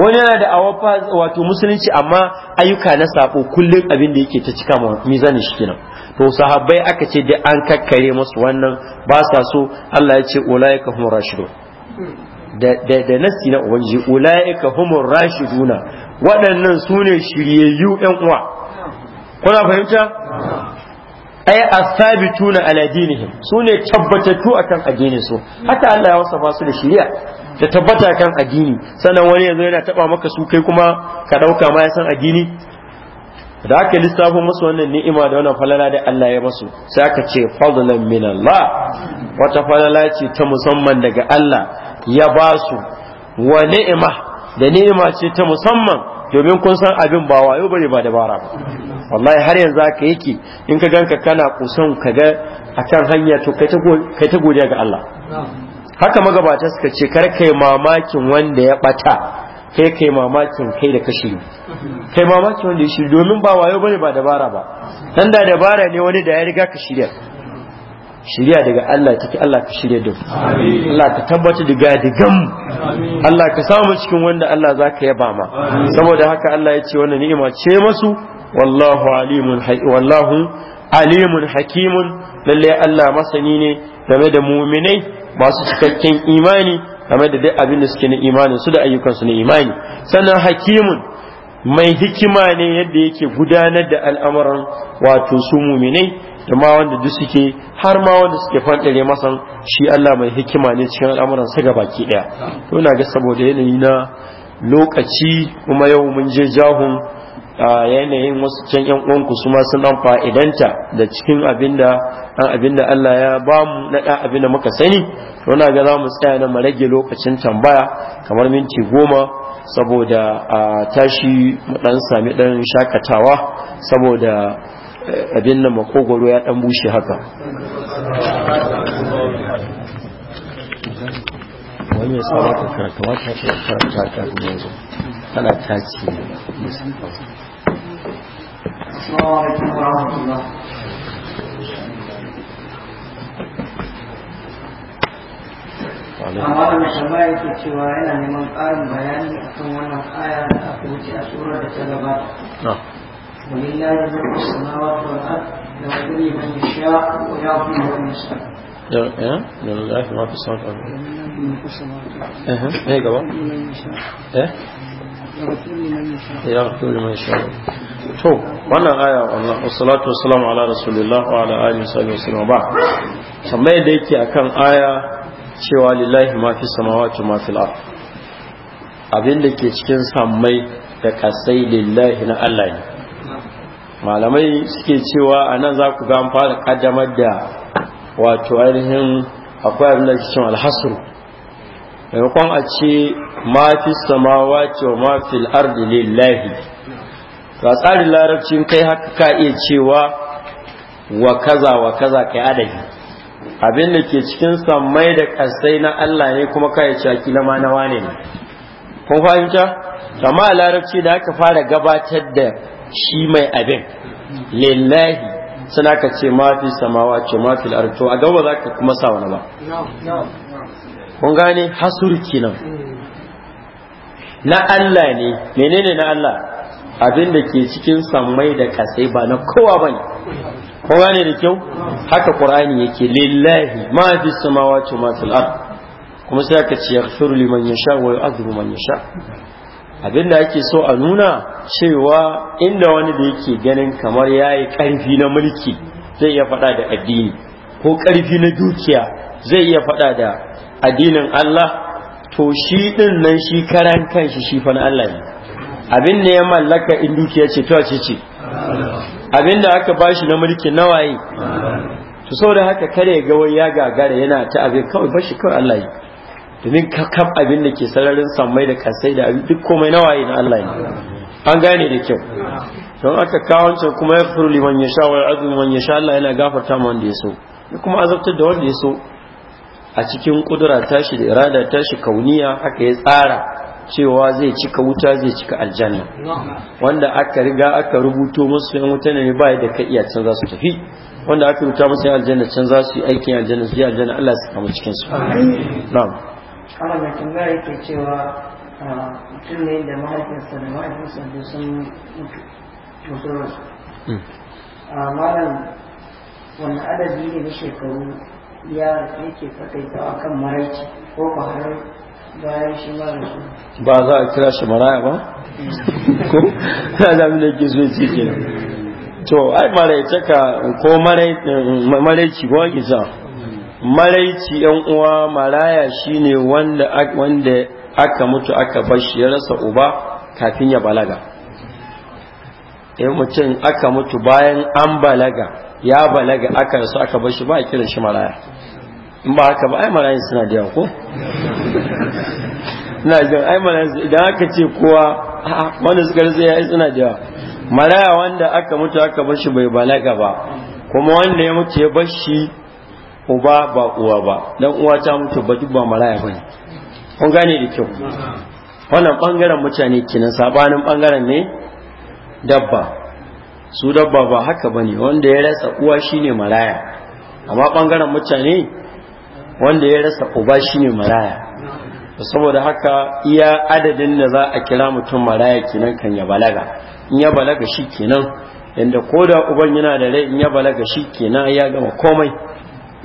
wani yana da awon wato musulunci amma ayyuka na sabo kullum abin da yake ta cika ma mizanin shi kenan to sahabbai aka ce dai an kakkare musu wannan ba sa so Allah ya ce ulaika hum rashidun da nassi na ubangiji ula'ika humur rashiduna waɗannan su ne shiryayyu yan uwa kuna fahimta ay asabituna ala dinihim su ne tabbatattu akan addinin su haka Allah ya wasa su da shiriya da tabbata kan addini sannan wani yanzu yana taba maka su kai kuma ka dauka ma ya san addini da aka lissafo musu wannan ni'ima da wannan falala da Allah ya masu sai aka ce fadlan min Allah wata falala ce ta musamman daga Allah ya ba su wa ni'ima da ni'ima ce ta musamman domin kun san abin ba wayo bane ba dabara ba wallahi har yanzu haka yake in ka ganka kana kusan ka ga akan hanya to kai ta godiya ga Allah haka magabata suka ce kar kai mamakin wanda ya bata kai kai mamakin kai da kashi kai mamakin wanda ya shiri domin ba wayo bane ba dabara ba dan da dabara ne wani da ya riga ka shirya shirya daga Allah take Allah ka shirya da Allah ka tabbata da gadigan Allah ka samu cikin wanda Allah za ka yaba ma saboda haka Allah ya ce wannan ni'ima ce masu wallahu alimun wallahu alimun hakimun lalle Allah masani ne game da muminai masu cikakken imani game da duk abin da suke na imani su da ayyukansu na imani sannan hakimun mai hikima ne yadda yake gudanar da al'amuran wato su muminai da ma wanda duk suke har ma wanda suke fadare masan shi Allah mai hikima ne cikin al'amuran sa baki daya to ina ga saboda yanayi na lokaci kuma yau mun je jahun a yanayin wasu can yan uwanku su ma sun dan fa'idanta da cikin abinda dan abinda Allah ya ba mu na da abinda muka sani to ina ga za mu tsaya na mu rage lokacin tambaya kamar minti goma saboda a tashi mu dan sami dan shakatawa saboda abin nan makogoro ya dan bushe haka wani ya sa wata karata wata ta karata yanzu tana ta taci amma da musamman ke cewa yana neman ƙarin bayani akan wannan aya da aka wuce a tsoron da ta gabata ولله ملك السماوات والأرض يغفر من يشاء ويغفر من يشاء لله ما في السماوات والأرض اها ايه جواب يغفر لمن يشاء to wannan aya wannan wassalatu ala rasulillah wa ala alihi wa sahbihi ba tambayar da yake akan aya cewa lillahi ma fi samawati ma fil ard abin da ke cikin sammai da kasai lillahi na Allah ne malamai suke cewa a nan za ku ga fara kaddamar da wato ainihin akwai abin da ke cin alhasru maimakon a ce ma fi samawa ce wa ma fi al'ardi lillahi ga tsarin larabcin kai haka ka iya cewa wa kaza wa kaza kai adadi abin da ke cikin samai da kasai na Allah ne kuma ka ce akila ma na wane ne kun fahimta amma larabci da aka fara gabatar da shi mai abin lillahi suna ka ce mafi samawa ce mafi to a gaba za ka kuma sa wani ba kun gane hasur kenan na Allah ne menene na Allah abin da ke cikin sammai da kasai ba na kowa bane kun gane da kyau haka qur'ani yake lillahi mafi samawa ce mafi kuma sai ka ce yaghfiru liman yasha wa yu'adhibu man yasha abinda ake so a nuna cewa inda wani da yake ganin kamar ya yi ƙarfi na mulki zai iya faɗa da addini ko ƙarfi na dukiya zai iya faɗa da addinin Allah to shi ɗin nan shi karan kanshi shi fa na Allah ne abin da ya mallaka in dukiya ce to ce ce abin da aka bashi na mulki nawaye to saboda haka kare ga wai ya gagara yana ta abin kawai bashi kawai Allah yi domin kakaf abin da ke sararin samai da kasai da duk komai na waye na Allah ne an gane da kyau don aka kawancin kuma ya furu liman ya sha wa ya azumi man ya sha Allah yana gafarta ma wanda ya so kuma azabtar da wanda ya so a cikin kudura tashi da irada tashi kauniya haka ya tsara cewa zai cika wuta zai cika aljanna wanda aka riga aka rubuto musu yan wuta ne ba da ka iya can za su tafi wanda aka rubuta musu yan aljanna can za su yi aikin aljanna su yi aljanna Allah su kama cikin su na'am amallakin gari yake cewa ah, mutum ne da mahaifinsa da mahaifinsa da sun hmm. A ah, malam wani adadi ne na shekaru ya yake a kan maraici ko ba bayan shi mara su ba za a kira shi maraya ba ko na zami da ke zuwa cikin. to ai ka ko eh, maraici ko ake sa maraici yan uwa maraya shine wanda wanda aka mutu aka bashi ya rasa uba kafin ya balaga in eh, mutum aka mutu bayan an balaga ya balaga aka rasu aka bashi ba a kiran shi maraya in ba haka ba ai marayin suna da yawa ko na jin ai marayin idan aka ce kowa wanda suka rasa ya suna da yawa maraya wanda aka mutu aka bashi bai balaga ba kuma wanda ya mutu ya bashi uba ba uwa ba dan uwa ta mutu ba duk ba maraya bane kun gane da kyau wannan bangaren mutane kenan sabanin bangaren ne dabba su dabba ba haka bane wanda ya rasa uwa shine maraya amma bangaren mutane wanda ya rasa uba shine maraya saboda haka iya adadin da za a kira mutum maraya kenan kan ya balaga in ya balaga shi kenan inda koda uban yana da rai in ya balaga shi kenan ya gama komai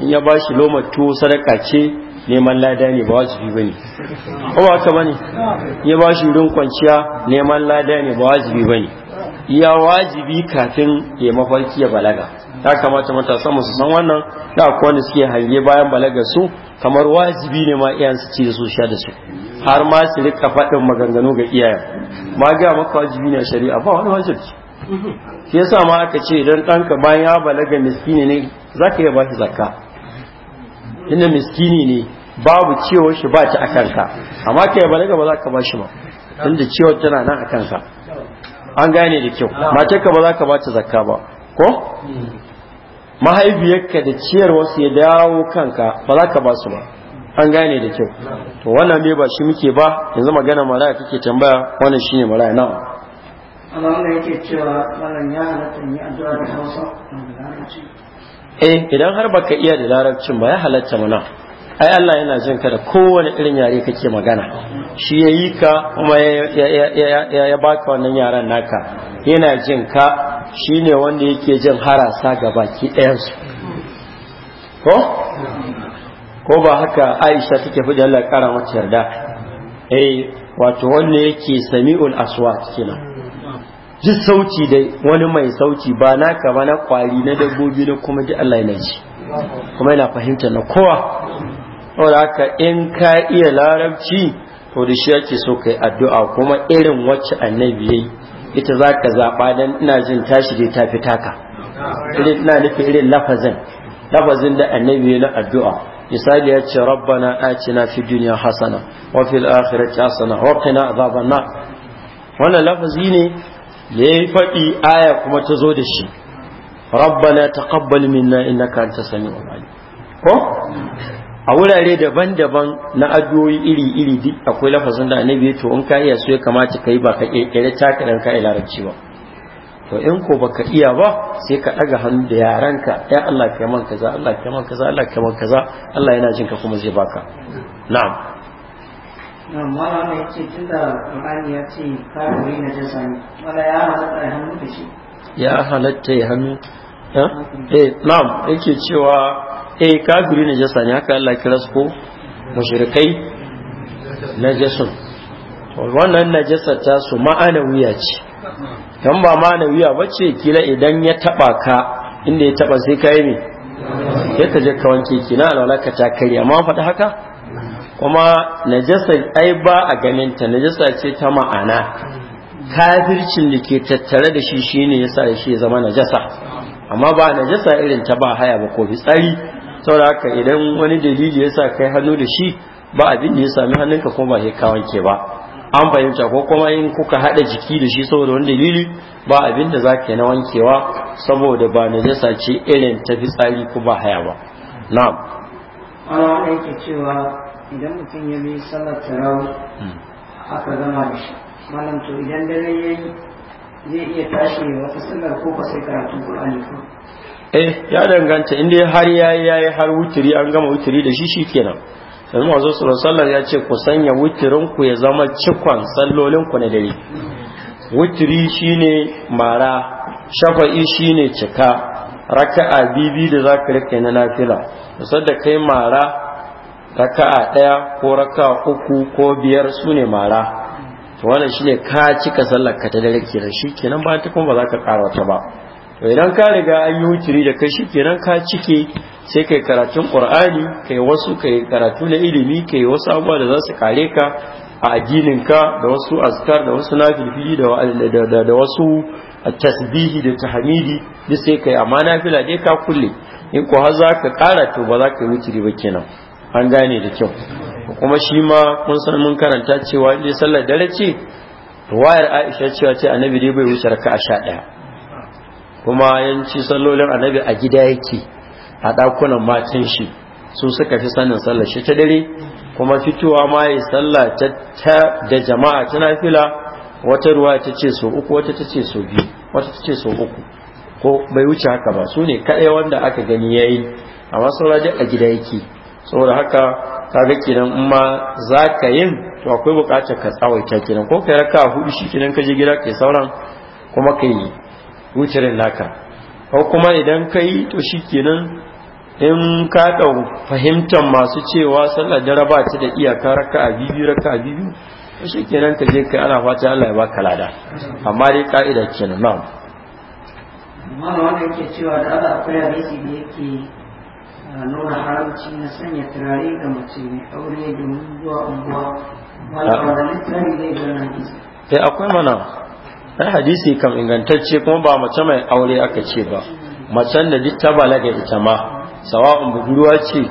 in ya bashi lomar tuwo sadaka ce neman lada ne ba wajibi bane ko ba haka bane ya bashi wurin kwanciya neman lada ne ba wajibi ba ne. ya wajibi kafin ya mafarki ya balaga ya kamata matasa musu san wannan da akwai wanda suke hange bayan balaga su kamar wajibi ne ma iyayen su ci da su sha da su har ma su rika faɗin maganganu ga iyayen ma ga maka wajibi ne a shari'a ba wani wajibi shi yasa ma aka ce idan ɗanka bayan ya balaga miskini ne zaka iya ba shi zakka ina miskini ne babu cewa shi ba ta a kanka amma kai balaga ba za ka ba shi ba inda cewa tana nan a kanka an gane da kyau matarka ba za ka ba ta zakka ba ko mahaifiyarka da ciyar wasu ya dawo kanka ba za ka ba su ba an gane da kyau to wannan bai ba shi muke ba yanzu magana maraya kake tambaya wannan shine maraya nawa Allah wannan yake cewa malam ya halatta ni addu'a da Hausa da eh idan har baka iya da larabcin ba ya halatta mana ai Allah yana jin ka da kowane irin yare kake magana shi ya yi ka kuma ya baka wannan yaran naka yana jin ka shine wanda yake jin harasa ga baki su ko ko ba haka Aisha take fi da ya kara mata yarda eh wato wanda yake sami'ul aswat kenan ji sauci da wani mai sauci ba na ba na kwari na dabbobi na kuma ji Allah yana ji kuma yana fahimta na kowa saboda haka in ka iya larabci to da shi ake so kai addu'a kuma irin wacce annabi yayi ita za ka zaɓa dan ina jin tashi dai ta fita ka ina nufin irin lafazin lafazin da annabi ya na addu'a misali ya ce rabbana atina fi duniya hasana wa fil akhirati hasana wa qina adhaban nar wannan lafazi ne ya yi faɗi aya kuma ta zo da shi rabbana taqabbal minna innaka antas samiul alim ko a wurare daban-daban na addu'o'i iri-iri duk akwai lafazin da annabi ya to in ka iya so ya kamata ka yi ba ka kirkire taka dan ka larabci ba to in ko baka iya ba sai ka ɗaga hannu da yaranka ya Allah kai man kaza Allah kai man kaza Allah kai man kaza Allah yana jin ka kuma zai baka na'am mara ne ce tun da Qur'ani ya ce kafiri na jasa ne wala ya halatta ya hannu da shi ya halatta ya hannu eh, na'am yake cewa eh kafiri na jasa ne haka Allah kira su ko na jesa. wannan na jasa ta su ma'anawiya ce don ba ma'anawiya bace kila idan ya taba ka inda ya taba sai kayi ne ya kaje ka wanke kina alwala ka ta kare amma faɗa haka kuma najasa ai ba a ganinta najasa ce ta ma'ana kafircin da ke tattare da shi shine yasa shi zama najasa amma ba najasa irin ta ba haya ba ko fitsari saboda haka idan wani dalili yasa kai hannu da shi ba abin da ya sami hannunka kuma ba sai ka wanke ba an fahimta ko kuma in kuka hada jiki da shi saboda wani dalili ba abin da za ka na wankewa saboda ba najasa ce irin ta fitsari ko ba haya ba na'am ana aiki cewa idan mutum ya bi sallar tarawih hmm. aka gama da shi malam to idan dare ya yi zai iya tashi wata sallar ko ba sai karatun qur'ani ko eh ya danganta inda har ya yi har wuturi an gama wuturi da shi shi shikenan yanzu manzo sallallahu sallar ya ce ku sanya wuturin ku ya zama cikon sallolin ku na dare wuturi shine mara shafa'i shine cika raka'a bibi da zaka rike na nafila da kai mara raka'a ɗaya ko raka'a uku ko biyar su ne mara to wannan shine ka cika sallar ka ta dare kenan shikenan ba ta kuma ba za ka ƙara ta ba to idan ka riga an yi wutiri da kai shikenan ka cike sai kai karatun qur'ani kai wasu kai karatu na ilimi kai wasu abubuwa da za su kare ka a addinin ka da wasu azkar da wasu nafilfili da da wasu tasbihi da tahmidi duk sai kai amma nafila dai ka kulle in ko har za ka ƙara to ba za ka yi wutiri ba kenan an gane da kyau kuma shi ma kun san mun karanta cewa in sallar dare ce wayar Aisha cewa ce annabi dai bai wuce raka'a 11 kuma yanci sallolin annabi a gida yake a ɗakunan matan shi su suka fi sanin sallar shi ta dare kuma fitowa ma yi sallah ta da jama'a ta nafila wata ruwa ta ce so uku wata ta ce so biyu wata ta ce so uku ko bai wuce haka ba su ne kaɗai wanda aka gani yayi a saura a gida yake saboda haka kaga kenan in ma za ka yin to akwai bukatar ka tsawaita kenan ko kai raka hudu shi kenan ka je gida kai sauran kuma kai wucirin naka ko kuma idan kai yi to shi kenan in ka ɗau fahimtar masu cewa sallar dare ba ta da iyaka raka a biyu raka a biyu shi kenan ka je kai ana fata Allah ya baka lada amma dai ka'ida kenan na'am mana wanda yake cewa da Allah akwai hadisi da yake nuna na sanya turare ga mace mai aure domin zuwa unguwa eh akwai mana Ɗan hadisi kam ingantacce kuma ba mace mai aure aka ce ba macen da duk ta balaga ita ma sawa'un budurwa ce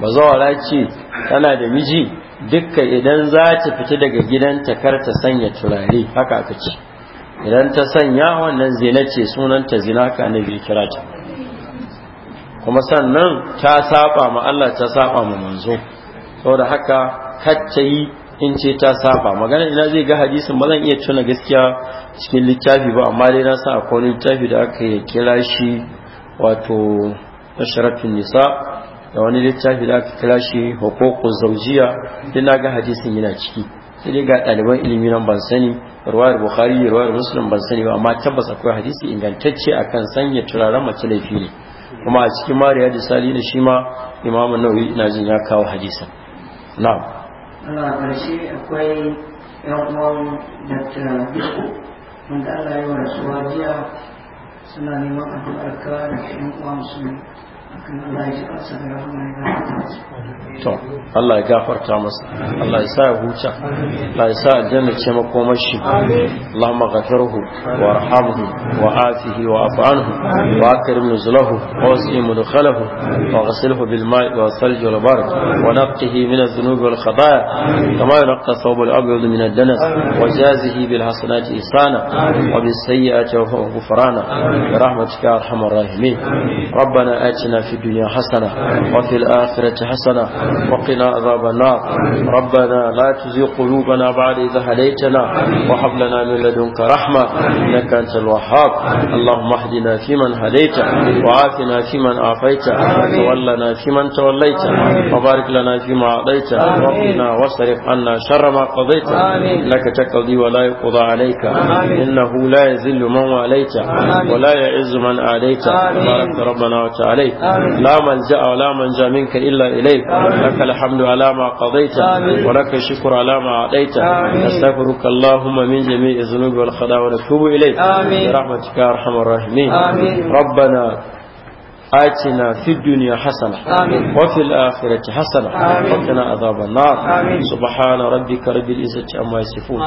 bazawara ce tana da miji dukkan idan za ta fita daga gidanta kar ta sanya turare haka aka ce idan ta sanya wannan zina ce sunanta zina ka annabi kira kuma sannan ta saba ma Allah ta saba ma manzo saboda haka kacce yi in ce ta saba magana ina zai ga hadisin ba zan iya tuna gaskiya cikin littafi ba amma dai na sa akwai littafi da aka kira shi wato asharatun nisa da wani littafi da aka kira shi hukukun zaujiya duk na ga hadisin yana ciki sai dai ga ɗaliban ilimi nan ban sani ruwayar bukhari ruwayar muslim ban sani ba amma tabbas akwai hadisi ingantacce akan sanya turaren mace laifi ne kuma a cikin mariya da sali da shi ma imamu nauyi ina jin ya kawo hadisa na'am Allah karshe akwai yan uwan ta Biko wanda Allah ya rasuwa jiya suna neman addu'ar da yan uwan su to Allah ya gafarta masa Allah ya sa ya huta Allah ya sa aljanna ce makomashi Allahumma ghafirhu warhamhu wa afihi wa afu anhu wa akrim nuzulahu wa wasi mudkhalahu wa ghasilhu bil ma'i wa salji wal barak wa naqqihi min adh-dhunubi wal khataaya kama yunqqa thawb al abyad min ad-danas wa jazihi bil hasanati ihsana wa bis sayyiati ghufrana bi rahmatika arhamar rahimin ربنا آتنا في الدنيا حسنة وفي الآخرة حسنة وقنا عذاب النار ربنا لا تزغ قلوبنا بعد إذا هديتنا وهب لنا من لدنك رحمة إنك أنت الوهاب اللهم اهدنا فيمن هديت وعافنا فيمن عافيت وتولنا فيمن توليت وبارك لنا فيما أعطيت وقنا واصرف عنا شر ما قضيت إنك تقضي ولا يقضى عليك إنه لا يذل من واليت ولا يعز من آليت بارك ربنا وتعاليك لا ملجأ ولا منجا منك إلا إليك لك الحمد على ما قضيت ولك الشكر على ما أعطيت نستغفرك اللهم من جميع الذنوب والخطايا ونتوب إليك برحمتك يا أرحم الراحمين ربنا آتنا في الدنيا حسنة آمين. وفي الآخرة حسنة وقنا عذاب النار آمين. سبحان ربك رب العزة عما يصفون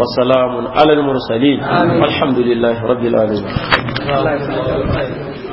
وسلام على المرسلين آمين. والحمد لله رب العالمين